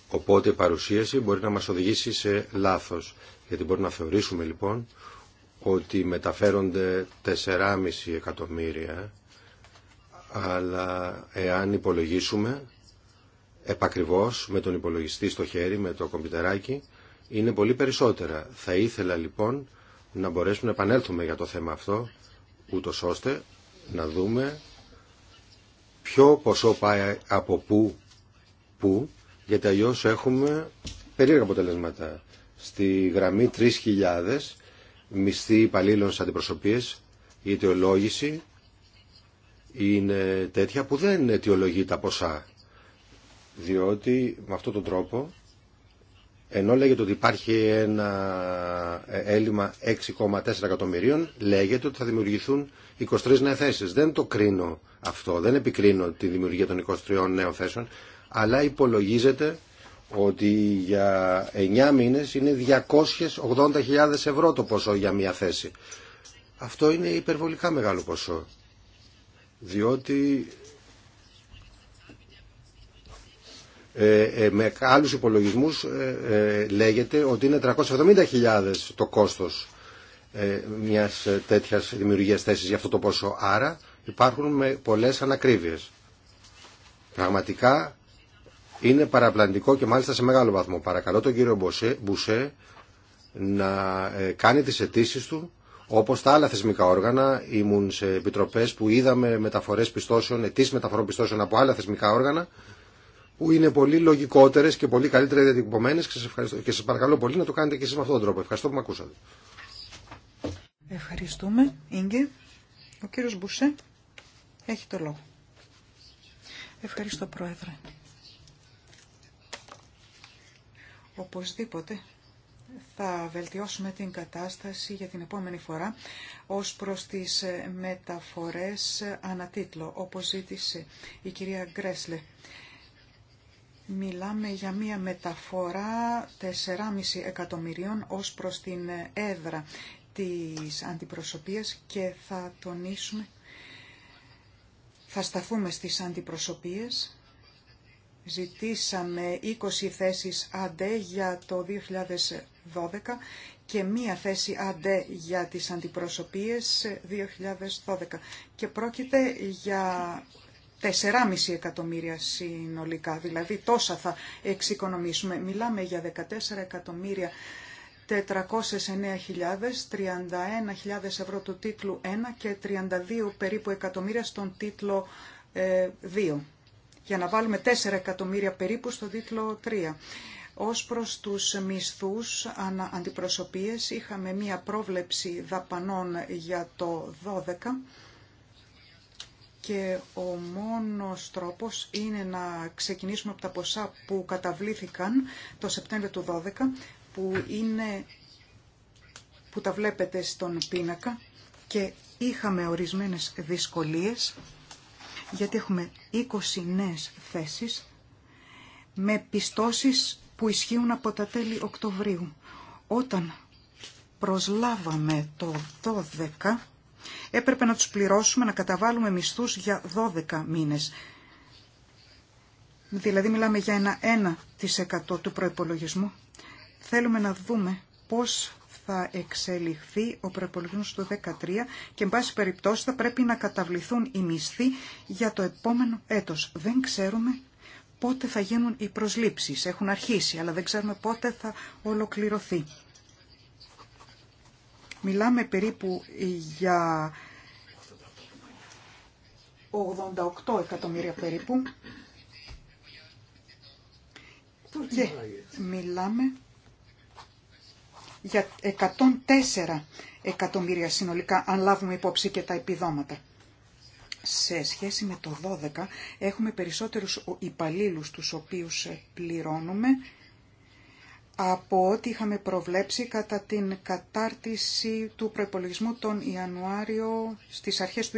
Οπότε η παρουσίαση μπορεί να μας οδηγήσει σε λάθος, γιατί μπορεί να θεωρήσουμε λοιπόν ότι μεταφέρονται 4,5 εκατομμύρια, αλλά εάν υπολογίσουμε επακριβώς με τον υπολογιστή στο χέρι, με το κομπιτεράκι, είναι πολύ περισσότερα. Θα ήθελα λοιπόν να μπορέσουμε να επανέλθουμε για το θέμα αυτό, ούτω ώστε να δούμε ποιο ποσό πάει από πού, πού γιατί αλλιώ έχουμε περίεργα αποτελέσματα. Στη γραμμή 3.000 μισθή υπαλλήλων σε αντιπροσωπείες η αιτιολόγηση είναι τέτοια που δεν αιτιολογεί τα ποσά διότι με αυτόν τον τρόπο ενώ λέγεται ότι υπάρχει ένα ε, έλλειμμα 6,4 εκατομμυρίων, λέγεται ότι θα δημιουργηθούν 23 νέες θέσεις. Δεν το κρίνω αυτό, δεν επικρίνω τη δημιουργία των 23 νέων θέσεων, αλλά υπολογίζεται ότι για 9 μήνες είναι 280.000 ευρώ το ποσό για μια θέση. Αυτό είναι υπερβολικά μεγάλο ποσό, διότι Ε, ε, με άλλους υπολογισμούς ε, λέγεται ότι είναι 370.000 το κόστος μιας τέτοιας δημιουργίας θέσης για αυτό το ποσό. Άρα υπάρχουν με πολλές ανακρίβειες. Πραγματικά είναι παραπλανητικό και μάλιστα σε μεγάλο βαθμό. Παρακαλώ τον κύριο Μπουσέ να κάνει τις αιτήσει του όπως τα άλλα θεσμικά όργανα ήμουν σε επιτροπές που είδαμε μεταφορές πιστώσεων, αιτήσεις μεταφορών πιστώσεων από άλλα θεσμικά όργανα που είναι πολύ λογικότερες και πολύ καλύτερα διατυπωμένες και σας, ευχαριστώ. και σας παρακαλώ πολύ να το κάνετε και εσείς με αυτόν τον τρόπο. Ευχαριστώ που με ακούσατε. Ευχαριστούμε. Ίγκε, ο κύριος Μπουσέ έχει το λόγο. Ευχαριστώ Πρόεδρε. Οπωσδήποτε θα βελτιώσουμε την κατάσταση για την επόμενη φορά ως προς τις ε, μεταφορές ανατίτλο, όπως ζήτησε η κυρία Γκρέσλε. Μιλάμε για μία μεταφορά 4,5 εκατομμυρίων ως προς την έδρα της αντιπροσωπείας και θα τονίσουμε, θα σταθούμε στις αντιπροσωπείες. Ζητήσαμε 20 θέσεις ΑΝΤΕ για το 2012 και μία θέση ΑΝΤΕ για τις αντιπροσωπείες 2012. Και πρόκειται για 4,5 εκατομμύρια συνολικά, δηλαδή τόσα θα εξοικονομήσουμε. Μιλάμε για 14 εκατομμύρια 409.000, 31.000 ευρώ του τίτλου 1 και 32 περίπου εκατομμύρια στον τίτλο 2. Ε, για να βάλουμε 4 εκατομμύρια περίπου στον τίτλο 3. Ως προς τους μισθούς αντιπροσωπείες είχαμε μία πρόβλεψη δαπανών για το 12 και ο μόνος τρόπος είναι να ξεκινήσουμε από τα ποσά που καταβλήθηκαν το Σεπτέμβριο του 12 που είναι που τα βλέπετε στον πίνακα και είχαμε ορισμένες δυσκολίες γιατί έχουμε 20 νέες θέσεις με πιστώσεις που ισχύουν από τα τέλη Οκτωβρίου. Όταν προσλάβαμε το 12 έπρεπε να τους πληρώσουμε να καταβάλουμε μισθούς για 12 μήνες. Δηλαδή μιλάμε για ένα 1% του προϋπολογισμού. Θέλουμε να δούμε πώς θα εξελιχθεί ο προϋπολογισμός του 2013 και εν πάση περιπτώσει θα πρέπει να καταβληθούν οι μισθοί για το επόμενο έτος. Δεν ξέρουμε πότε θα γίνουν οι προσλήψεις. Έχουν αρχίσει, αλλά δεν ξέρουμε πότε θα ολοκληρωθεί. Μιλάμε περίπου για 88 εκατομμύρια περίπου. Και μιλάμε για 104 εκατομμύρια συνολικά, αν λάβουμε υπόψη και τα επιδόματα. Σε σχέση με το 12 έχουμε περισσότερους υπαλλήλους τους οποίους ε, πληρώνουμε από ό,τι είχαμε προβλέψει κατά την κατάρτιση του προϋπολογισμού τον Ιανουάριο στις αρχές του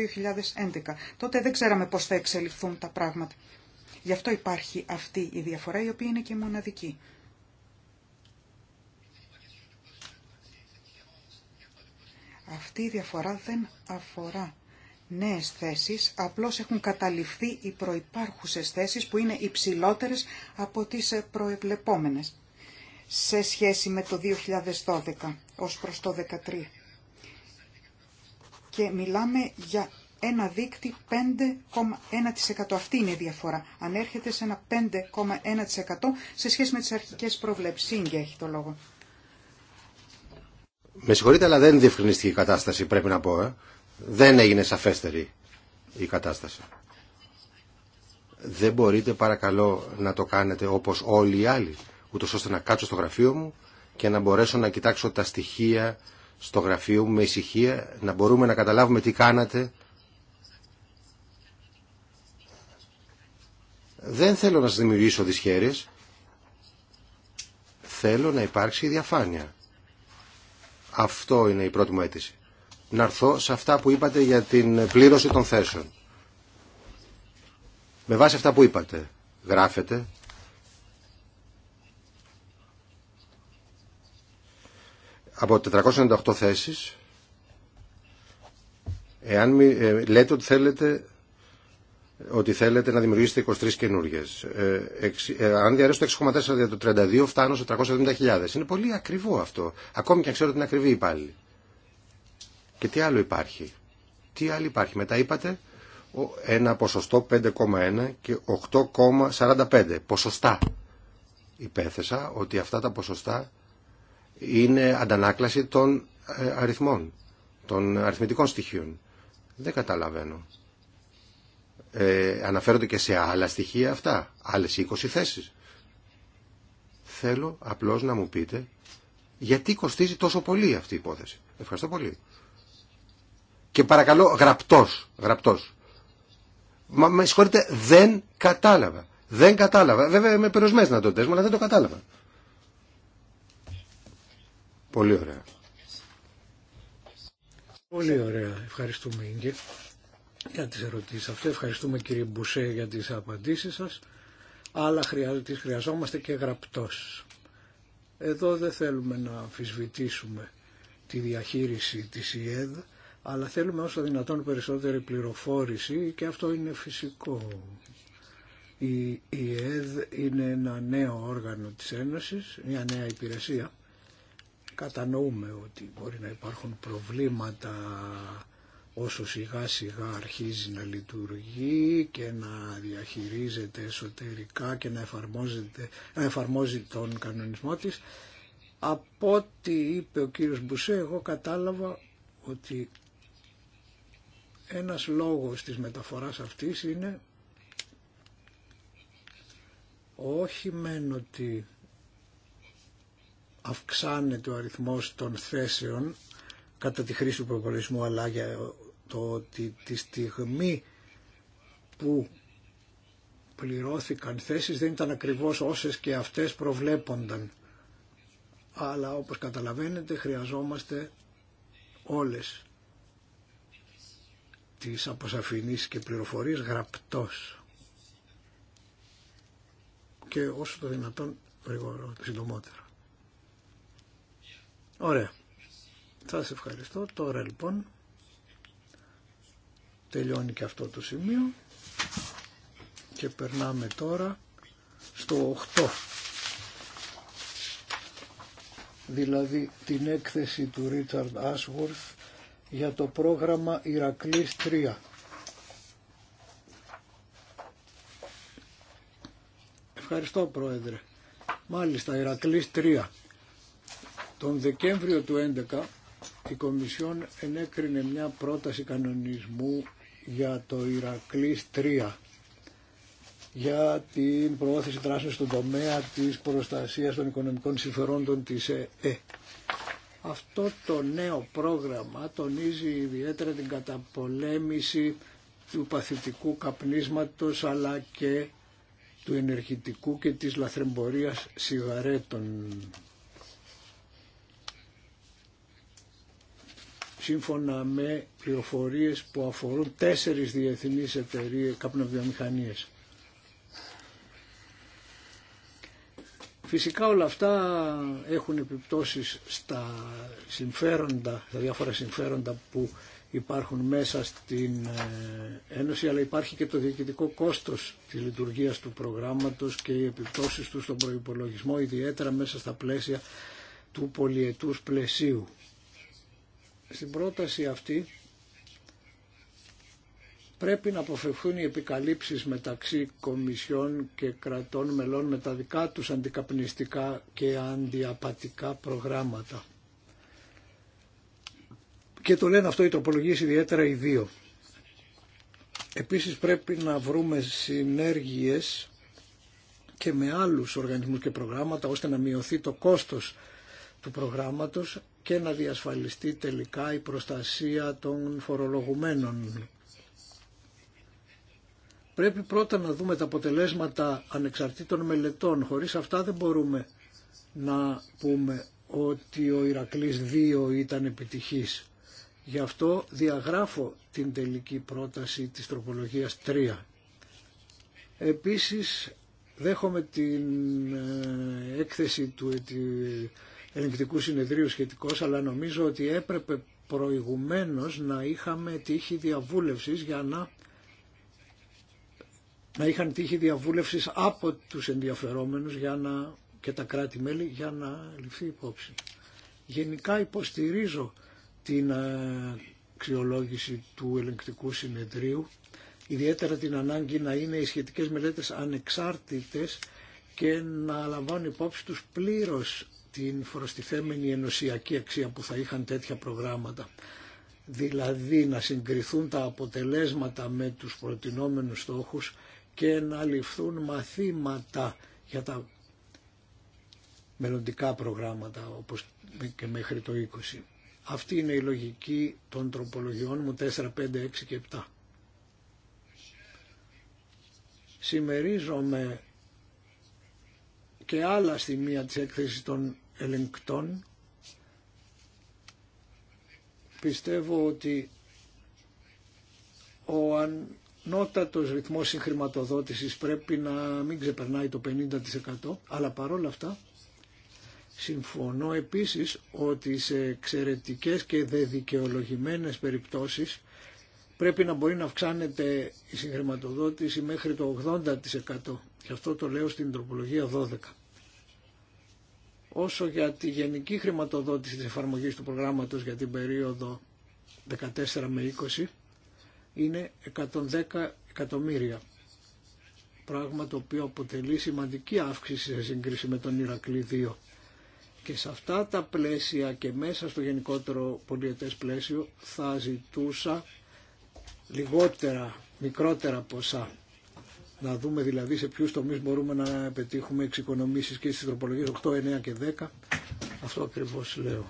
2011. Τότε δεν ξέραμε πώς θα εξελιχθούν τα πράγματα. Γι' αυτό υπάρχει αυτή η διαφορά η οποία είναι και μοναδική. Αυτή η διαφορά δεν αφορά νέες θέσεις, απλώς έχουν καταληφθεί οι προϋπάρχουσες θέσεις που είναι υψηλότερες από τις προεβλεπόμενες σε σχέση με το 2012 ως προς το 2013. Και μιλάμε για ένα δίκτυ 5,1%. Αυτή είναι η διαφορά. αν έρχεται σε ένα 5,1% σε σχέση με τις αρχικές προβλέψεις. και έχει το λόγο. Με συγχωρείτε, αλλά δεν διευκρινίστηκε η κατάσταση, πρέπει να πω. Ε. Δεν έγινε σαφέστερη η κατάσταση. Δεν μπορείτε παρακαλώ να το κάνετε όπως όλοι οι άλλοι ούτω ώστε να κάτσω στο γραφείο μου και να μπορέσω να κοιτάξω τα στοιχεία στο γραφείο μου με ησυχία, να μπορούμε να καταλάβουμε τι κάνατε. Δεν θέλω να σας δημιουργήσω δυσχέρειες. Θέλω να υπάρξει διαφάνεια. Αυτό είναι η πρώτη μου αίτηση. Να έρθω σε αυτά που είπατε για την πλήρωση των θέσεων. Με βάση αυτά που είπατε, γράφετε από 498 θέσεις εάν ε, λέτε ότι θέλετε ότι θέλετε να δημιουργήσετε 23 καινούριε. Ε, ε, αν διαρρέσω το 6,4 για το 32 φτάνω σε 370.000. Είναι πολύ ακριβό αυτό. Ακόμη και αν ξέρω ότι είναι ακριβή πάλι. Και τι άλλο υπάρχει. Τι άλλο υπάρχει. Μετά είπατε ένα ποσοστό 5,1 και 8,45. Ποσοστά. Υπέθεσα ότι αυτά τα ποσοστά είναι αντανάκλαση των ε, αριθμών, των αριθμητικών στοιχείων. Δεν καταλαβαίνω. Ε, αναφέρονται και σε άλλα στοιχεία αυτά, άλλες 20 θέσεις. Θέλω απλώς να μου πείτε γιατί κοστίζει τόσο πολύ αυτή η υπόθεση. Ευχαριστώ πολύ. Και παρακαλώ γραπτός, γραπτός. Μα με συγχωρείτε δεν κατάλαβα. Δεν κατάλαβα. Βέβαια είμαι περιορισμένος να το αλλά δεν το κατάλαβα. Πολύ ωραία. Πολύ ωραία. Ευχαριστούμε Ίγκε για τις ερωτήσεις αυτές. Ευχαριστούμε κύριε Μπουσέ για τις απαντήσεις σας. Αλλά τις χρειαζόμαστε και γραπτός. Εδώ δεν θέλουμε να αμφισβητήσουμε τη διαχείριση της ΙΕΔ, αλλά θέλουμε όσο δυνατόν περισσότερη πληροφόρηση και αυτό είναι φυσικό. Η ΙΕΔ είναι ένα νέο όργανο της Ένωσης, μια νέα υπηρεσία Κατανοούμε ότι μπορεί να υπάρχουν προβλήματα όσο σιγά σιγά αρχίζει να λειτουργεί και να διαχειρίζεται εσωτερικά και να, εφαρμόζεται, να εφαρμόζει τον κανονισμό της. Από ό,τι είπε ο κύριος Μπουσέ, εγώ κατάλαβα ότι ένας λόγος της μεταφοράς αυτής είναι όχι μεν ότι αυξάνεται ο αριθμός των θέσεων κατά τη χρήση του προπολισμού αλλά για το ότι τη στιγμή που πληρώθηκαν θέσεις δεν ήταν ακριβώς όσες και αυτές προβλέπονταν. Αλλά όπως καταλαβαίνετε χρειαζόμαστε όλες τις αποσαφηνήσεις και πληροφορίες γραπτός και όσο το δυνατόν το συντομότερα. Ωραία. Σας ευχαριστώ. Τώρα λοιπόν τελειώνει και αυτό το σημείο και περνάμε τώρα στο 8 δηλαδή την έκθεση του Ρίτσαρντ Άσουρθ για το πρόγραμμα Ηρακλής 3. Ευχαριστώ Πρόεδρε. Μάλιστα, Ηρακλής 3. Τον Δεκέμβριο του 2011 η Κομισιόν ενέκρινε μια πρόταση κανονισμού για το Ηρακλής 3 για την προώθηση δράσεως στον τομέα της προστασίας των οικονομικών συμφερόντων της ΕΕ. Αυτό το νέο πρόγραμμα τονίζει ιδιαίτερα την καταπολέμηση του παθητικού καπνίσματος αλλά και του ενεργητικού και της λαθρεμπορίας σιγαρέτων. σύμφωνα με πληροφορίες που αφορούν τέσσερις διεθνείς εταιρείες καπνοβιομηχανίες. Φυσικά όλα αυτά έχουν επιπτώσεις στα συμφέροντα, στα διάφορα συμφέροντα που υπάρχουν μέσα στην ε, Ένωση, αλλά υπάρχει και το διοικητικό κόστος της λειτουργίας του προγράμματος και οι επιπτώσεις του στον προϋπολογισμό, ιδιαίτερα μέσα στα πλαίσια του πολιετούς πλαισίου στην πρόταση αυτή πρέπει να αποφευχθούν οι επικαλύψεις μεταξύ κομισιών και κρατών μελών με τα δικά τους αντικαπνιστικά και αντιαπατικά προγράμματα. Και το λένε αυτό οι τροπολογίες ιδιαίτερα οι δύο. Επίσης πρέπει να βρούμε συνέργειες και με άλλους οργανισμούς και προγράμματα ώστε να μειωθεί το κόστος του προγράμματος και να διασφαλιστεί τελικά η προστασία των φορολογουμένων. Πρέπει πρώτα να δούμε τα αποτελέσματα ανεξαρτήτων μελετών. Χωρίς αυτά δεν μπορούμε να πούμε ότι ο Ηρακλής 2 ήταν επιτυχής. Γι' αυτό διαγράφω την τελική πρόταση της τροπολογίας 3. Επίσης δέχομαι την ε, έκθεση του ε, ελεγκτικού συνεδρίου σχετικός, αλλά νομίζω ότι έπρεπε προηγουμένως να είχαμε τύχη διαβούλευσης για να να είχαν τύχη διαβούλευσης από τους ενδιαφερόμενους για να, και τα κράτη-μέλη για να ληφθεί υπόψη. Γενικά υποστηρίζω την ε, αξιολόγηση του ελεγκτικού συνεδρίου, ιδιαίτερα την ανάγκη να είναι οι σχετικές μελέτες ανεξάρτητες και να λαμβάνουν υπόψη τους πλήρως την φοροστιθέμενη ενωσιακή αξία που θα είχαν τέτοια προγράμματα. Δηλαδή να συγκριθούν τα αποτελέσματα με τους προτινόμενους στόχους και να ληφθούν μαθήματα για τα μελλοντικά προγράμματα όπως και μέχρι το 20. Αυτή είναι η λογική των τροπολογιών μου 4, 5, 6 και 7. Σημερίζομαι και άλλα μια της έκθεσης των ελεγκτών πιστεύω ότι ο ανώτατος ρυθμός συγχρηματοδότησης πρέπει να μην ξεπερνάει το 50% αλλά παρόλα αυτά συμφωνώ επίσης ότι σε εξαιρετικέ και δεδικαιολογημένες περιπτώσεις πρέπει να μπορεί να αυξάνεται η συγχρηματοδότηση μέχρι το 80%. Και αυτό το λέω στην τροπολογία 12. Όσο για τη γενική χρηματοδότηση της εφαρμογής του προγράμματος για την περίοδο 14 με 20 είναι 110 εκατομμύρια. Πράγμα το οποίο αποτελεί σημαντική αύξηση σε σύγκριση με τον Ηρακλή 2. Και σε αυτά τα πλαίσια και μέσα στο γενικότερο πολιετές πλαίσιο θα ζητούσα λιγότερα, μικρότερα ποσά. Να δούμε δηλαδή σε ποιους τομείς μπορούμε να πετύχουμε εξοικονομήσεις και στις τροπολογίες 8, 9 και 10. Αυτό ακριβώς λέω.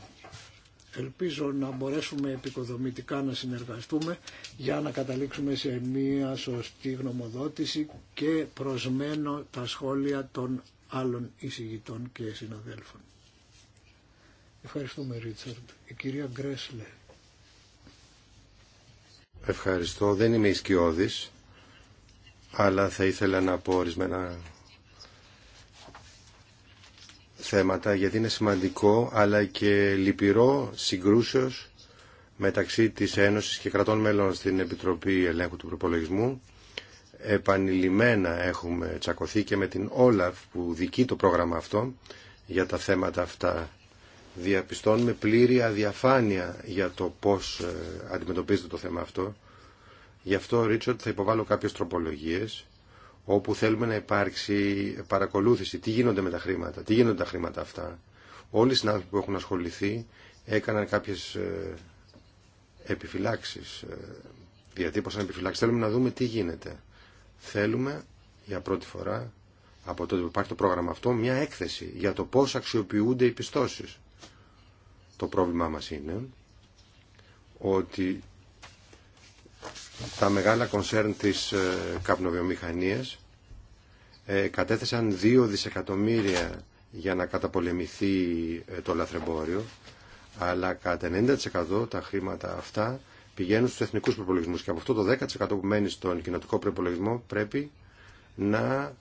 Ελπίζω να μπορέσουμε επικοδομητικά να συνεργαστούμε για να καταλήξουμε σε μία σωστή γνωμοδότηση και προσμένω τα σχόλια των άλλων εισηγητών και συναδέλφων. Ευχαριστούμε Ρίτσαρντ. Η κυρία Γκρέσλε. Ευχαριστώ. Δεν είμαι ισκιώδης αλλά θα ήθελα να πω ορισμένα θέματα γιατί είναι σημαντικό αλλά και λυπηρό συγκρούσεως μεταξύ της Ένωσης και κρατών μέλων στην Επιτροπή Ελέγχου του Προπολογισμού. Επανειλημμένα έχουμε τσακωθεί και με την Όλαφ που δικεί το πρόγραμμα αυτό για τα θέματα αυτά. Διαπιστώνουμε πλήρη αδιαφάνεια για το πώς ε, αντιμετωπίζεται το θέμα αυτό Γι' αυτό, Ρίτσορτ, θα υποβάλω κάποιες τροπολογίες όπου θέλουμε να υπάρξει παρακολούθηση. Τι γίνονται με τα χρήματα, τι γίνονται τα χρήματα αυτά. Όλοι οι συνάδελφοι που έχουν ασχοληθεί έκαναν κάποιες ε, επιφυλάξεις, ε, διατύπωσαν επιφυλάξεις. Θέλουμε να δούμε τι γίνεται. Θέλουμε για πρώτη φορά από τότε που υπάρχει το πρόγραμμα αυτό μια έκθεση για το πώς αξιοποιούνται οι πιστώσεις. Το πρόβλημά μας είναι ότι τα μεγάλα κονσέρν της ε, καπνοβιομηχανίας ε, κατέθεσαν 2 δισεκατομμύρια για να καταπολεμηθεί ε, το λαθρεμπόριο, αλλά κατά 90% τα χρήματα αυτά πηγαίνουν στους εθνικούς προπολογισμούς και από αυτό το 10% που μένει στον κοινοτικό προπολογισμό πρέπει να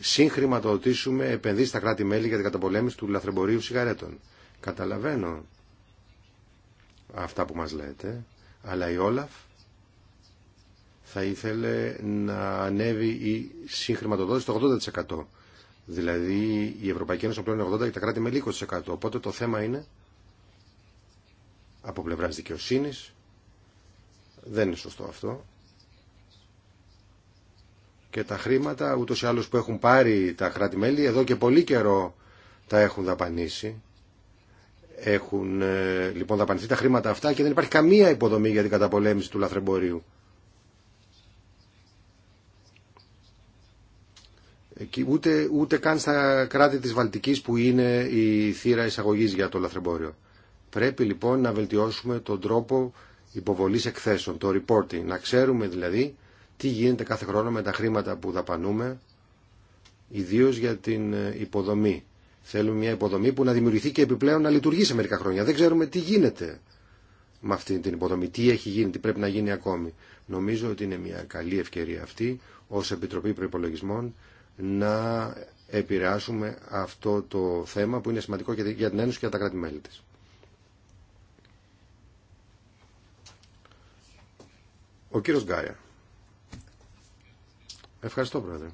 συγχρηματοδοτήσουμε επενδύσεις στα κράτη-μέλη για την καταπολέμηση του λαθρεμπορίου σιγαρέτων. Καταλαβαίνω αυτά που μας λέτε, αλλά η Όλαφ θα ήθελε να ανέβει η συγχρηματοδότηση στο 80%. Δηλαδή η Ευρωπαϊκή Ένωση πλέον 80% και τα κράτη μέλη 20%. Οπότε το θέμα είναι από πλευρά δικαιοσύνη. Δεν είναι σωστό αυτό. Και τα χρήματα ούτως ή άλλως που έχουν πάρει τα κράτη-μέλη εδώ και πολύ καιρό τα έχουν δαπανίσει. Έχουν ε, λοιπόν δαπανηθεί τα χρήματα αυτά και δεν υπάρχει καμία υποδομή για την καταπολέμηση του λαθρεμπορίου. ούτε, ούτε καν στα κράτη της Βαλτικής που είναι η θύρα εισαγωγής για το λαθρεμπόριο. Πρέπει λοιπόν να βελτιώσουμε τον τρόπο υποβολής εκθέσεων, το reporting, να ξέρουμε δηλαδή τι γίνεται κάθε χρόνο με τα χρήματα που δαπανούμε, ιδίω για την ε, υποδομή. Θέλουμε μια υποδομή που να δημιουργηθεί και επιπλέον να λειτουργεί σε μερικά χρόνια. Δεν ξέρουμε τι γίνεται με αυτή την υποδομή, τι έχει γίνει, τι πρέπει να γίνει ακόμη. Νομίζω ότι είναι μια καλή ευκαιρία αυτή ως Επιτροπή Προϋπολογισμών να επηρεάσουμε αυτό το θέμα που είναι σημαντικό και για την Ένωση και για τα κράτη-μέλη της. Ο κύριος Γκάια. Ευχαριστώ, Πρόεδρε.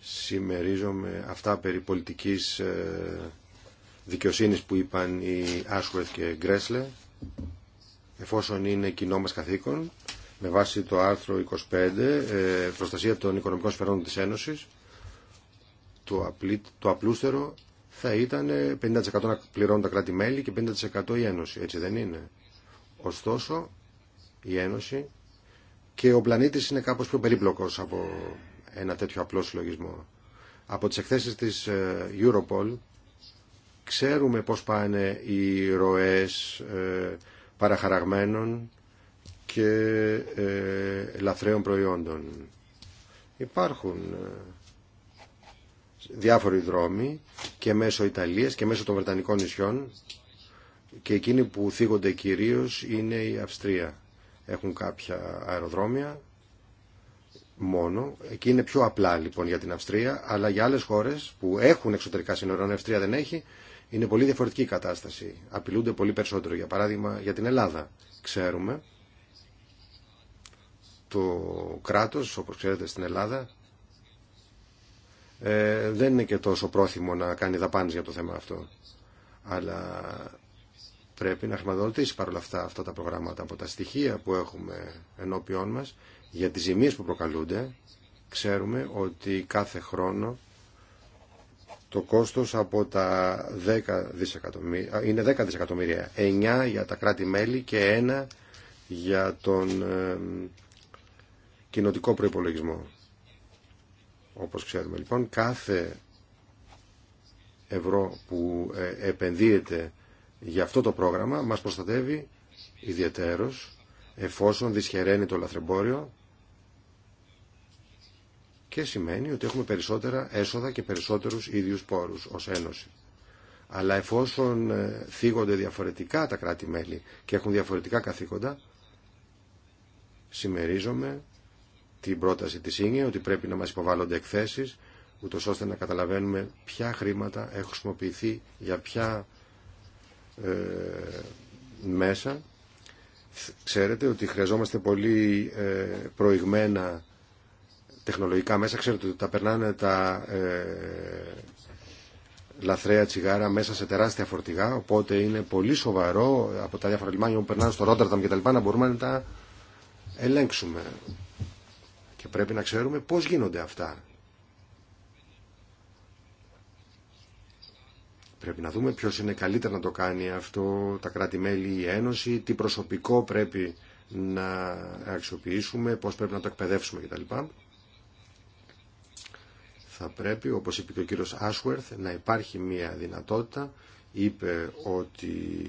Σημερίζομαι αυτά περί πολιτικής ε, δικαιοσύνης που είπαν οι Άσουέθ και Γκρέσλε εφόσον είναι κοινό μας καθήκον με βάση το άρθρο 25 ε, προστασία των οικονομικών σφαιρών της Ένωσης το, απλή, το απλούστερο θα ήταν 50% να πληρώνουν τα κράτη-μέλη και 50% η Ένωση. Έτσι δεν είναι. Ωστόσο, η Ένωση και ο πλανήτης είναι κάπως πιο περίπλοκος από ένα τέτοιο απλό συλλογισμό. Από τις εκθέσεις της ε, Europol ξέρουμε πώς πάνε οι ροές ε, παραχαραγμένων και ε, λαθρέων προϊόντων. Υπάρχουν ε, διάφοροι δρόμοι και μέσω Ιταλίας και μέσω των Βρετανικών νησιών και εκείνοι που θίγονται κυρίως είναι η Αυστρία. Έχουν κάποια αεροδρόμια μόνο. Εκεί είναι πιο απλά λοιπόν για την Αυστρία, αλλά για άλλες χώρες που έχουν εξωτερικά σύνορα, η Αυστρία δεν έχει, είναι πολύ διαφορετική η κατάσταση. Απειλούνται πολύ περισσότερο. Για παράδειγμα, για την Ελλάδα ξέρουμε το κράτος, όπως ξέρετε στην Ελλάδα, ε, δεν είναι και τόσο πρόθυμο να κάνει δαπάνες για το θέμα αυτό. Αλλά πρέπει να χρηματοδοτήσει παρόλα αυτά αυτά τα προγράμματα από τα στοιχεία που έχουμε ενώπιόν μας για τις ζημίες που προκαλούνται. Ξέρουμε ότι κάθε χρόνο το κόστος από τα 10 δισεκατομμύρια, είναι 10 δισεκατομμύρια, 9 για τα κράτη-μέλη και 1 για τον ε, κοινοτικό προϋπολογισμό. Όπως ξέρουμε λοιπόν, κάθε ευρώ που ε, επενδύεται για αυτό το πρόγραμμα μας προστατεύει ιδιαίτερος εφόσον δυσχεραίνει το λαθρεμπόριο και σημαίνει ότι έχουμε περισσότερα έσοδα και περισσότερους ίδιους πόρους ως Ένωση. Αλλά εφόσον ε, θίγονται διαφορετικά τα κράτη-μέλη και έχουν διαφορετικά καθήκοντα, συμμερίζομαι την πρόταση της ίνια ότι πρέπει να μας υποβάλλονται εκθέσεις ούτω ώστε να καταλαβαίνουμε ποια χρήματα έχουν χρησιμοποιηθεί για ποια ε, μέσα. Ξέρετε ότι χρειαζόμαστε πολύ ε, προηγμένα τεχνολογικά μέσα. Ξέρετε ότι τα περνάνε τα ε, λαθρέα τσιγάρα μέσα σε τεράστια φορτηγά, οπότε είναι πολύ σοβαρό από τα διάφορα λιμάνια που περνάνε στο Ρότερνταμ και τα λοιπά να μπορούμε να τα ελέγξουμε. Και πρέπει να ξέρουμε πώς γίνονται αυτά. Πρέπει να δούμε ποιος είναι καλύτερα να το κάνει αυτό, τα κράτη-μέλη, η Ένωση, τι προσωπικό πρέπει να αξιοποιήσουμε, πώς πρέπει να το εκπαιδεύσουμε κτλ. Θα πρέπει, όπως είπε και ο κύριος Άσουερθ, να υπάρχει μια δυνατότητα. Είπε ότι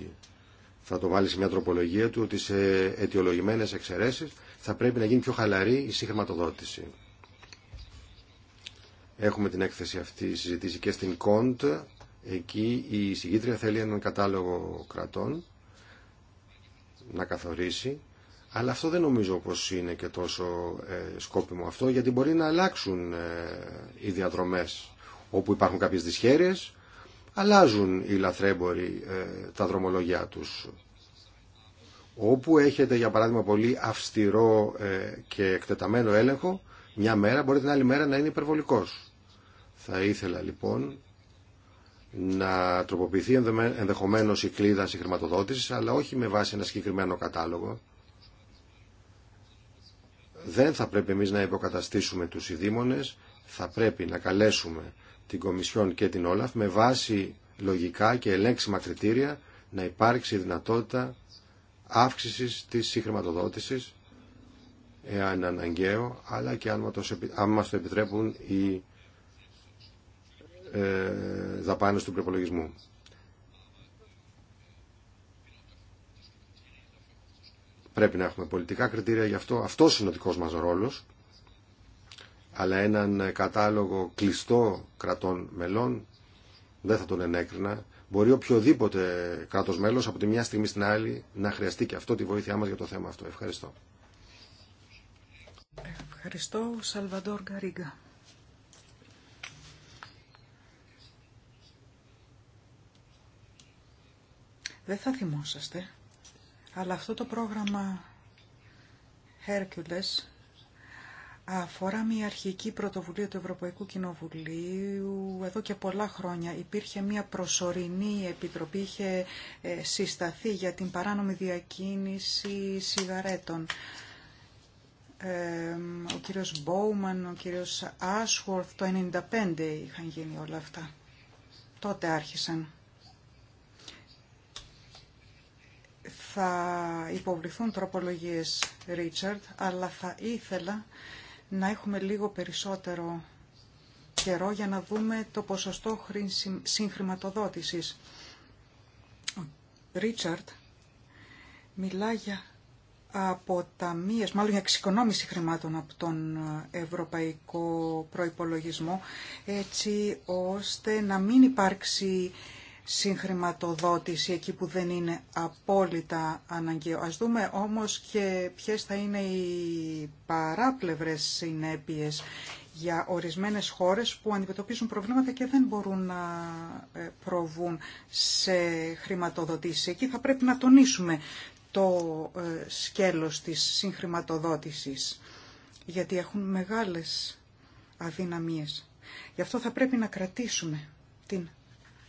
θα το βάλει σε μια τροπολογία του ότι σε αιτιολογημένες εξαιρέσεις θα πρέπει να γίνει πιο χαλαρή η συγχρηματοδότηση. Έχουμε την έκθεση αυτή συζητήσει και στην ΚΟΝΤ. Εκεί η συγκίτρια θέλει έναν κατάλογο κρατών να καθορίσει. Αλλά αυτό δεν νομίζω πως είναι και τόσο ε, σκόπιμο αυτό, γιατί μπορεί να αλλάξουν ε, οι διαδρομές όπου υπάρχουν κάποιες δυσχέρειες, αλλάζουν οι λαθρέμποροι ε, τα δρομολογιά τους. Όπου έχετε για παράδειγμα πολύ αυστηρό ε, και εκτεταμένο έλεγχο, μια μέρα μπορεί την άλλη μέρα να είναι υπερβολικός. Θα ήθελα λοιπόν να τροποποιηθεί ενδεχομένως η κλίδα χρηματοδότησης, αλλά όχι με βάση ένα συγκεκριμένο κατάλογο. Δεν θα πρέπει εμείς να υποκαταστήσουμε τους ειδήμονες, θα πρέπει να καλέσουμε την Κομισιόν και την Όλαφ με βάση λογικά και ελέγξιμα κριτήρια να υπάρξει δυνατότητα Αύξηση της συγχρηματοδότηση, εάν είναι αναγκαίο, αλλά και αν μας το επιτρέπουν οι ε, δαπάνε του προπολογισμού. Πρέπει να έχουμε πολιτικά κριτήρια γι' αυτό. Αυτό είναι ο δικός μας ρόλος. Αλλά έναν κατάλογο κλειστό κρατών μελών δεν θα τον ενέκρινα μπορεί οποιοδήποτε κράτος μέλος από τη μια στιγμή στην άλλη να χρειαστεί και αυτό τη βοήθειά μας για το θέμα αυτό. Ευχαριστώ. Ευχαριστώ, Σαλβαντόρ Γκαρίγκα. Δεν θα θυμόσαστε, αλλά αυτό το πρόγραμμα Hercules αφορά μια αρχική πρωτοβουλία του Ευρωπαϊκού Κοινοβουλίου. Εδώ και πολλά χρόνια υπήρχε μια προσωρινή επιτροπή, είχε ε, συσταθεί για την παράνομη διακίνηση σιγαρέτων. Ο κύριος Μπόουμαν, ο κύριος Άσουορθ, το 1995 είχαν γίνει όλα αυτά. Τότε άρχισαν. Θα υποβληθούν τροπολογίες, Ρίτσαρτ, αλλά θα ήθελα να έχουμε λίγο περισσότερο καιρό για να δούμε το ποσοστό συγχρηματοδότησης. Ο Ρίτσαρτ μιλά για αποταμίες, μάλλον για εξοικονόμηση χρημάτων από τον ε, ευρωπαϊκό προϋπολογισμό, έτσι ώστε να μην υπάρξει συγχρηματοδότηση εκεί που δεν είναι απόλυτα αναγκαίο. Ας δούμε όμως και ποιες θα είναι οι παράπλευρες συνέπειες για ορισμένες χώρες που αντιμετωπίζουν προβλήματα και δεν μπορούν να ε, προβούν σε χρηματοδοτήση. Εκεί θα πρέπει να τονίσουμε το ε, σκέλος της συγχρηματοδότησης, γιατί έχουν μεγάλες αδυναμίες. Γι' αυτό θα πρέπει να κρατήσουμε την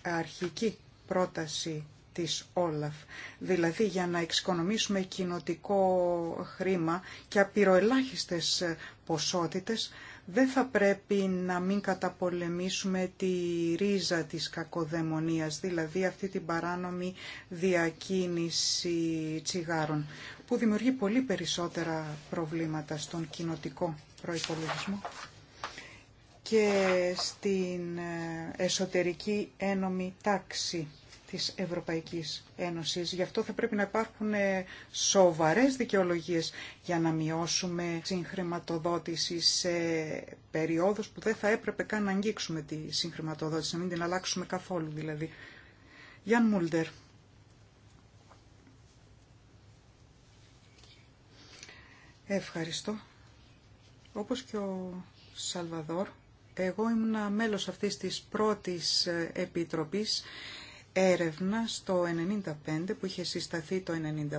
αρχική πρόταση της Όλαφ. Δηλαδή για να εξοικονομήσουμε κοινοτικό χρήμα και απειροελάχιστες ποσότητες, δεν θα πρέπει να μην καταπολεμήσουμε τη ρίζα της κακοδαιμονίας, δηλαδή αυτή την παράνομη διακίνηση τσιγάρων, που δημιουργεί πολύ περισσότερα προβλήματα στον κοινοτικό προϋπολογισμό και στην ε, εσωτερική ένομη τάξη της Ευρωπαϊκής Ένωσης. Γι' αυτό θα πρέπει να υπάρχουν ε, σοβαρές δικαιολογίες για να μειώσουμε συγχρηματοδότηση σε περιόδους που δεν θα έπρεπε καν να αγγίξουμε τη συγχρηματοδότηση, να μην την αλλάξουμε καθόλου δηλαδή. Γιάν Μούλτερ. Ευχαριστώ. Όπως και ο Σαλβαδόρ, εγώ ήμουν μέλος αυτής της πρώτης επιτροπής έρευνα το 95 που είχε συσταθεί το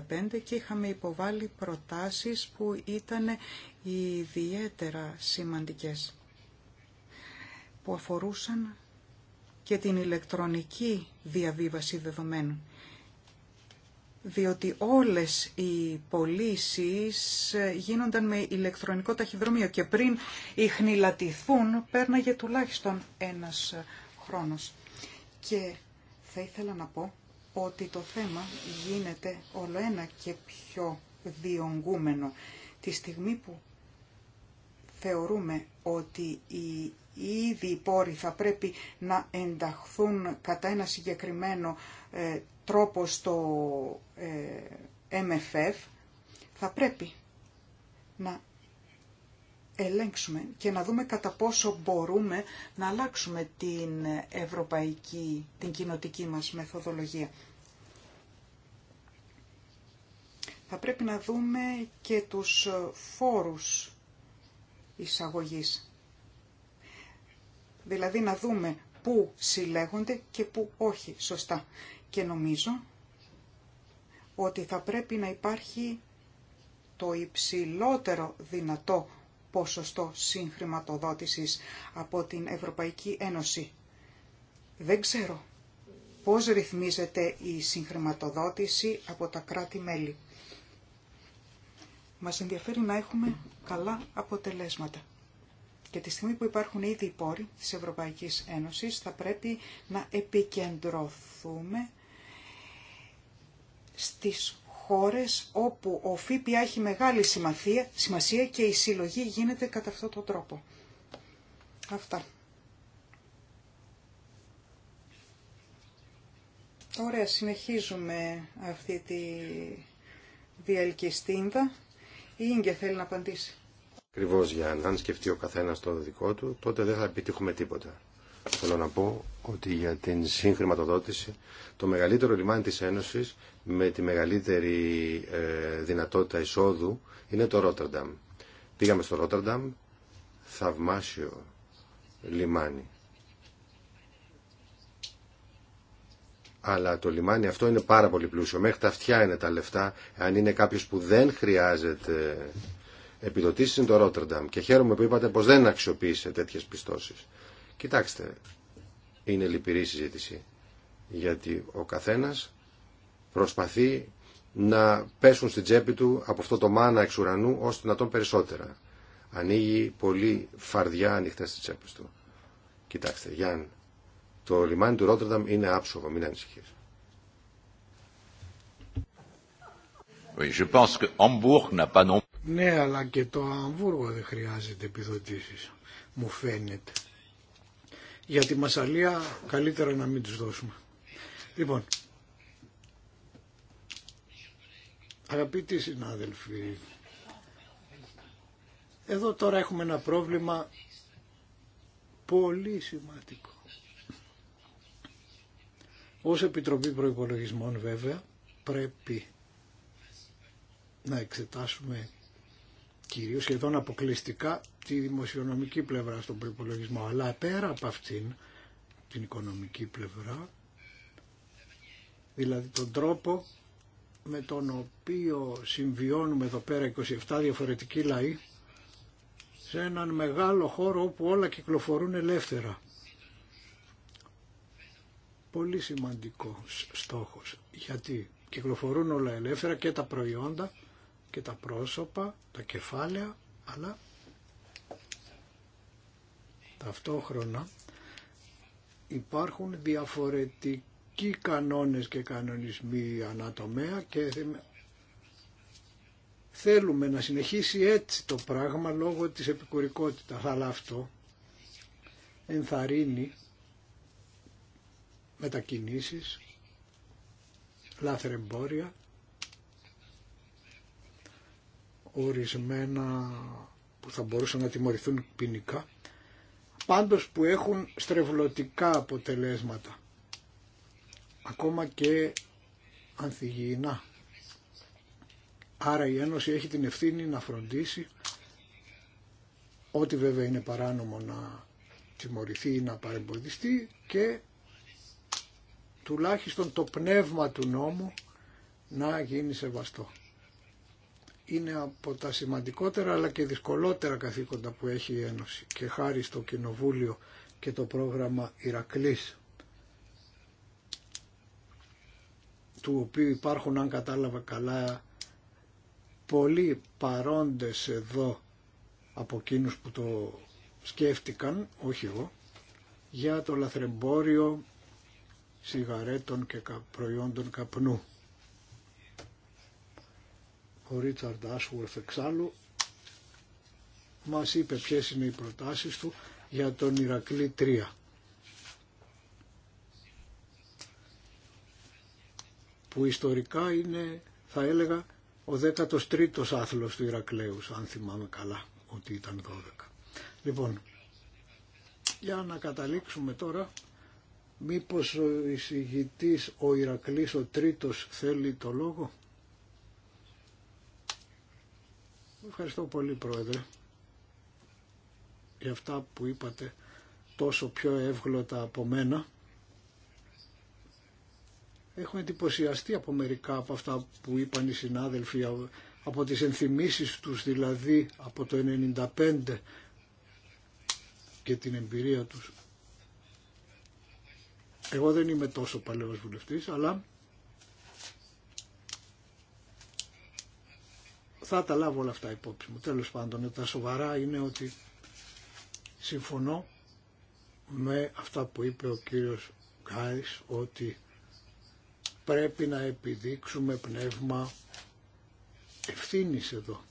95 και είχαμε υποβάλει προτάσεις που ήταν ιδιαίτερα σημαντικές που αφορούσαν και την ηλεκτρονική διαβίβαση δεδομένων διότι όλες οι πωλήσει γίνονταν με ηλεκτρονικό ταχυδρομείο και πριν ηχνηλατηθούν πέρναγε τουλάχιστον ένας χρόνος. Και θα ήθελα να πω ότι το θέμα γίνεται όλο ένα και πιο διονγκούμενο. Τη στιγμή που θεωρούμε ότι οι ήδη πόροι θα πρέπει να ενταχθούν κατά ένα συγκεκριμένο ε, τρόπο στο ε, MFF θα πρέπει να ελέγξουμε και να δούμε κατά πόσο μπορούμε να αλλάξουμε την ευρωπαϊκή, την κοινοτική μας μεθοδολογία. Θα πρέπει να δούμε και τους φόρους εισαγωγής. Δηλαδή να δούμε πού συλλέγονται και πού όχι σωστά. Και νομίζω ότι θα πρέπει να υπάρχει το υψηλότερο δυνατό ποσοστό συγχρηματοδότησης από την Ευρωπαϊκή Ένωση. Δεν ξέρω πώς ρυθμίζεται η συγχρηματοδότηση από τα κράτη-μέλη. Μας ενδιαφέρει να έχουμε καλά αποτελέσματα. Και τη στιγμή που υπάρχουν ήδη οι πόροι της Ευρωπαϊκής Ένωσης θα πρέπει να επικεντρωθούμε στις χώρες όπου ο ΦΠΑ έχει μεγάλη σημασία, σημασία και η συλλογή γίνεται κατά αυτόν τον τρόπο. Αυτά. Ωραία, συνεχίζουμε αυτή τη διαλκυστίνδα. Η Ίγκια θέλει να απαντήσει. Ακριβώ για αν σκεφτεί ο καθένα το δικό του, τότε δεν θα επιτύχουμε τίποτα. Θέλω να πω ότι για την συγχρηματοδότηση το μεγαλύτερο λιμάνι της Ένωσης με τη μεγαλύτερη ε, δυνατότητα εισόδου είναι το Ρότερνταμ. Πήγαμε στο Ρότερνταμ, θαυμάσιο λιμάνι. Αλλά το λιμάνι αυτό είναι πάρα πολύ πλούσιο. Μέχρι τα αυτιά είναι τα λεφτά. Αν είναι κάποιο που δεν χρειάζεται επιδοτήσει, είναι το Ρότερνταμ. Και χαίρομαι που είπατε πω δεν αξιοποίησε τέτοιε πιστώσει. Κοιτάξτε, είναι λυπηρή η συζήτηση, γιατί ο καθένας προσπαθεί να πέσουν στην τσέπη του από αυτό το μάνα εξ ουρανού να τον περισσότερα. Ανοίγει πολύ φαρδιά ανοιχτές στη τσέπες του. Κοιτάξτε, Γιάν, το λιμάνι του Ρότερνταμ είναι άψογο, μην ανησυχείς. Ναι, αλλά και το Αμβούργο δεν χρειάζεται επιδοτήσεις, μου φαίνεται. Για τη Μασαλία καλύτερα να μην τους δώσουμε. Λοιπόν, αγαπητοί συνάδελφοι, εδώ τώρα έχουμε ένα πρόβλημα πολύ σημαντικό. Ως Επιτροπή Προϋπολογισμών βέβαια πρέπει να εξετάσουμε κυρίω σχεδόν αποκλειστικά τη δημοσιονομική πλευρά στον προπολογισμό. Αλλά πέρα από αυτήν την οικονομική πλευρά, δηλαδή τον τρόπο με τον οποίο συμβιώνουμε εδώ πέρα 27 διαφορετικοί λαοί σε έναν μεγάλο χώρο όπου όλα κυκλοφορούν ελεύθερα. Πολύ σημαντικός στόχος γιατί κυκλοφορούν όλα ελεύθερα και τα προϊόντα και τα πρόσωπα, τα κεφάλαια, αλλά ταυτόχρονα υπάρχουν διαφορετικοί κανόνες και κανονισμοί ανατομέα και θέλουμε να συνεχίσει έτσι το πράγμα λόγω της επικουρικότητας, αλλά αυτό ενθαρρύνει μετακινήσεις, λάθρεμπόρια ορισμένα που θα μπορούσαν να τιμωρηθούν ποινικά, πάντως που έχουν στρεβλωτικά αποτελέσματα, ακόμα και ανθυγιεινά. Άρα η Ένωση έχει την ευθύνη να φροντίσει ό,τι βέβαια είναι παράνομο να τιμωρηθεί ή να παρεμποδιστεί και τουλάχιστον το πνεύμα του νόμου να γίνει σεβαστό είναι από τα σημαντικότερα αλλά και δυσκολότερα καθήκοντα που έχει η Ένωση και χάρη στο Κοινοβούλιο και το πρόγραμμα Ηρακλής του οποίου υπάρχουν αν κατάλαβα καλά πολλοί παρόντες εδώ από εκείνους που το σκέφτηκαν, όχι εγώ, για το λαθρεμπόριο σιγαρέτων και προϊόντων καπνού. Ο Ρίτσαρντ Άσχουερφ εξάλλου μας είπε ποιες είναι οι προτάσεις του για τον Ηρακλή 3. που ιστορικά είναι, θα έλεγα, ο 13ος άθλος του Ηρακλέους, αν θυμάμαι καλά ότι ήταν 12. Λοιπόν, για να καταλήξουμε τώρα, μήπως ο εισηγητής, ο Ηρακλής, ο τρίτος θέλει το λόγο. Ευχαριστώ πολύ Πρόεδρε για αυτά που είπατε τόσο πιο εύγλωτα από μένα. Έχω εντυπωσιαστεί από μερικά από αυτά που είπαν οι συνάδελφοι, από τις ενθυμίσεις τους δηλαδή από το 1995 και την εμπειρία τους. Εγώ δεν είμαι τόσο παλαιός βουλευτής, αλλά θα τα λάβω όλα αυτά υπόψη μου. Τέλος πάντων, τα σοβαρά είναι ότι συμφωνώ με αυτά που είπε ο κύριος Γκάις ότι πρέπει να επιδείξουμε πνεύμα ευθύνης εδώ.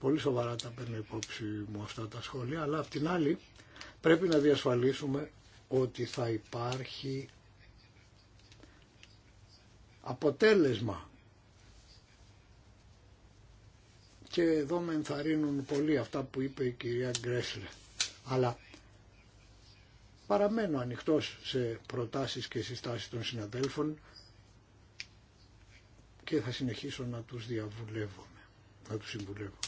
Πολύ σοβαρά τα παίρνω υπόψη μου αυτά τα σχόλια, αλλά απ' την άλλη πρέπει να διασφαλίσουμε ότι θα υπάρχει αποτέλεσμα και εδώ με ενθαρρύνουν πολύ αυτά που είπε η κυρία Γκρέσλε. Αλλά παραμένω ανοιχτός σε προτάσεις και συστάσεις των συναδέλφων και θα συνεχίσω να τους διαβουλεύομαι, να τους συμβουλεύω.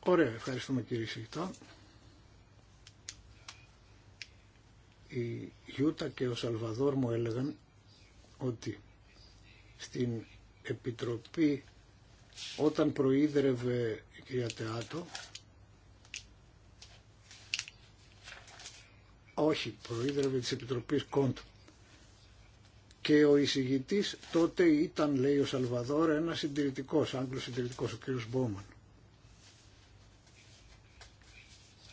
Ωραία, ευχαριστούμε κύριε Σιγητά. η Γιούτα και ο Σαλβαδόρ μου έλεγαν ότι στην Επιτροπή όταν προείδρευε η κυρία Τεάτο όχι, προείδρευε της Επιτροπής Κόντ και ο εισηγητής τότε ήταν, λέει ο Σαλβαδόρ, ένας συντηρητικός, Άγγλος συντηρητικός, ο κύριος Μπόμαν.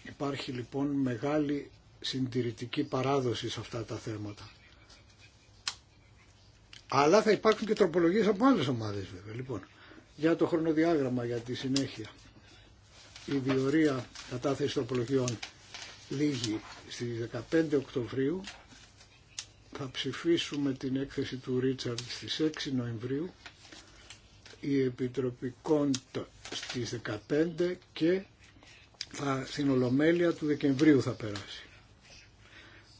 Υπάρχει λοιπόν μεγάλη συντηρητική παράδοση σε αυτά τα θέματα. Αλλά θα υπάρχουν και τροπολογίες από άλλες ομάδες βέβαια. Λοιπόν, για το χρονοδιάγραμμα, για τη συνέχεια. Η διορία κατάθεση τροπολογιών λύγει στις 15 Οκτωβρίου. Θα ψηφίσουμε την έκθεση του Ρίτσαρντ στις 6 Νοεμβρίου. Η Επιτροπή Κόντ στις 15 και θα, στην Ολομέλεια του Δεκεμβρίου θα περάσει.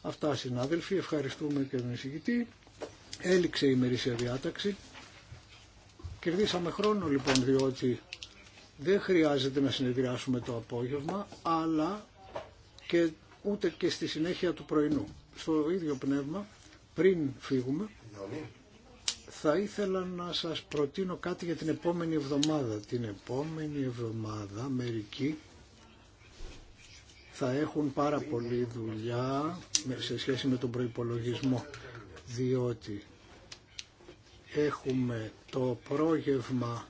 Αυτά συνάδελφοι, ευχαριστούμε και τον εισηγητή. Έληξε η ημερήσια διάταξη. Κερδίσαμε χρόνο λοιπόν διότι δεν χρειάζεται να συνεδριάσουμε το απόγευμα αλλά και ούτε και στη συνέχεια του πρωινού. Στο ίδιο πνεύμα πριν φύγουμε θα ήθελα να σας προτείνω κάτι για την επόμενη εβδομάδα. Την επόμενη εβδομάδα μερικοί θα έχουν πάρα πολλή δουλειά σε σχέση με τον προϋπολογισμό διότι έχουμε το πρόγευμα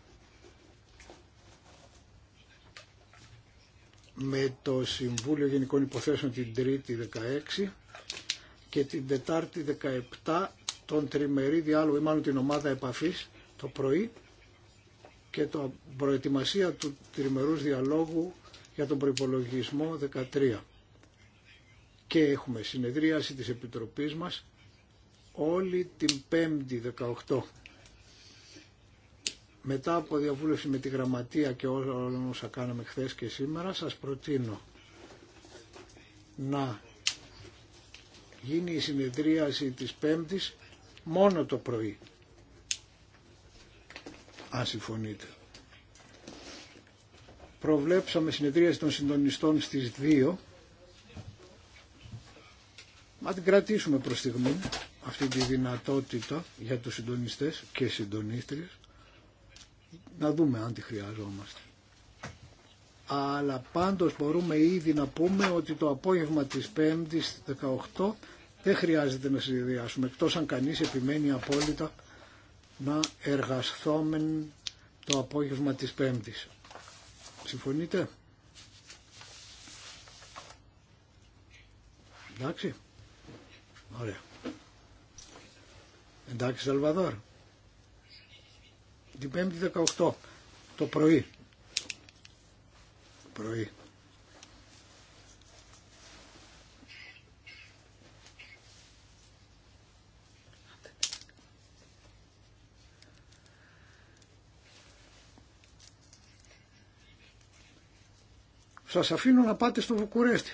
με το Συμβούλιο Γενικών Υποθέσεων την Τρίτη 16 και την Τετάρτη 17 τον τριμερή διάλογο ή μάλλον την ομάδα επαφής το πρωί και το προετοιμασία του τριμερούς διαλόγου για τον προϋπολογισμό 13. Και έχουμε συνεδρίαση της Επιτροπής μας όλη την 5η 18. Μετά από διαβούλευση με τη γραμματεία και όλα όσα κάναμε χθες και σήμερα σας προτείνω να γίνει η συνεδρίαση της Πέμπτης μόνο το πρωί. Αν συμφωνείτε προβλέψαμε συνεδρίαση των συντονιστών στις 2. Μα την κρατήσουμε προς στιγμή αυτή τη δυνατότητα για τους συντονιστές και συντονίστριες να δούμε αν τη χρειαζόμαστε. Αλλά πάντως μπορούμε ήδη να πούμε ότι το απόγευμα της 5ης 18 δεν χρειάζεται να συνδυάσουμε εκτός αν κανείς επιμένει απόλυτα να εργασθώμεν το απόγευμα της η Συμφωνείτε. Εντάξει. Ωραία. Εντάξει Σαλβαδόρ. Την 5η 18 το πρωί. Πρωί. Σας αφήνω να πάτε στο Βουκουρέστι.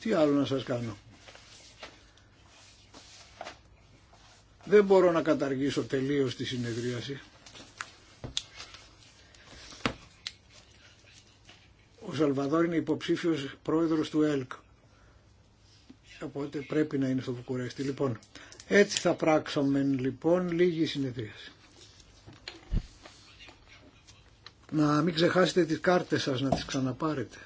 Τι άλλο να σας κάνω. Δεν μπορώ να καταργήσω τελείως τη συνεδρίαση. Ο Σαλβαδόρ είναι υποψήφιος πρόεδρος του ΕΛΚ. Οπότε πρέπει να είναι στο Βουκουρέστι. Λοιπόν, έτσι θα πράξουμε λοιπόν λίγη συνεδρίαση. να μην ξεχάσετε τις κάρτες σας να τις ξαναπάρετε.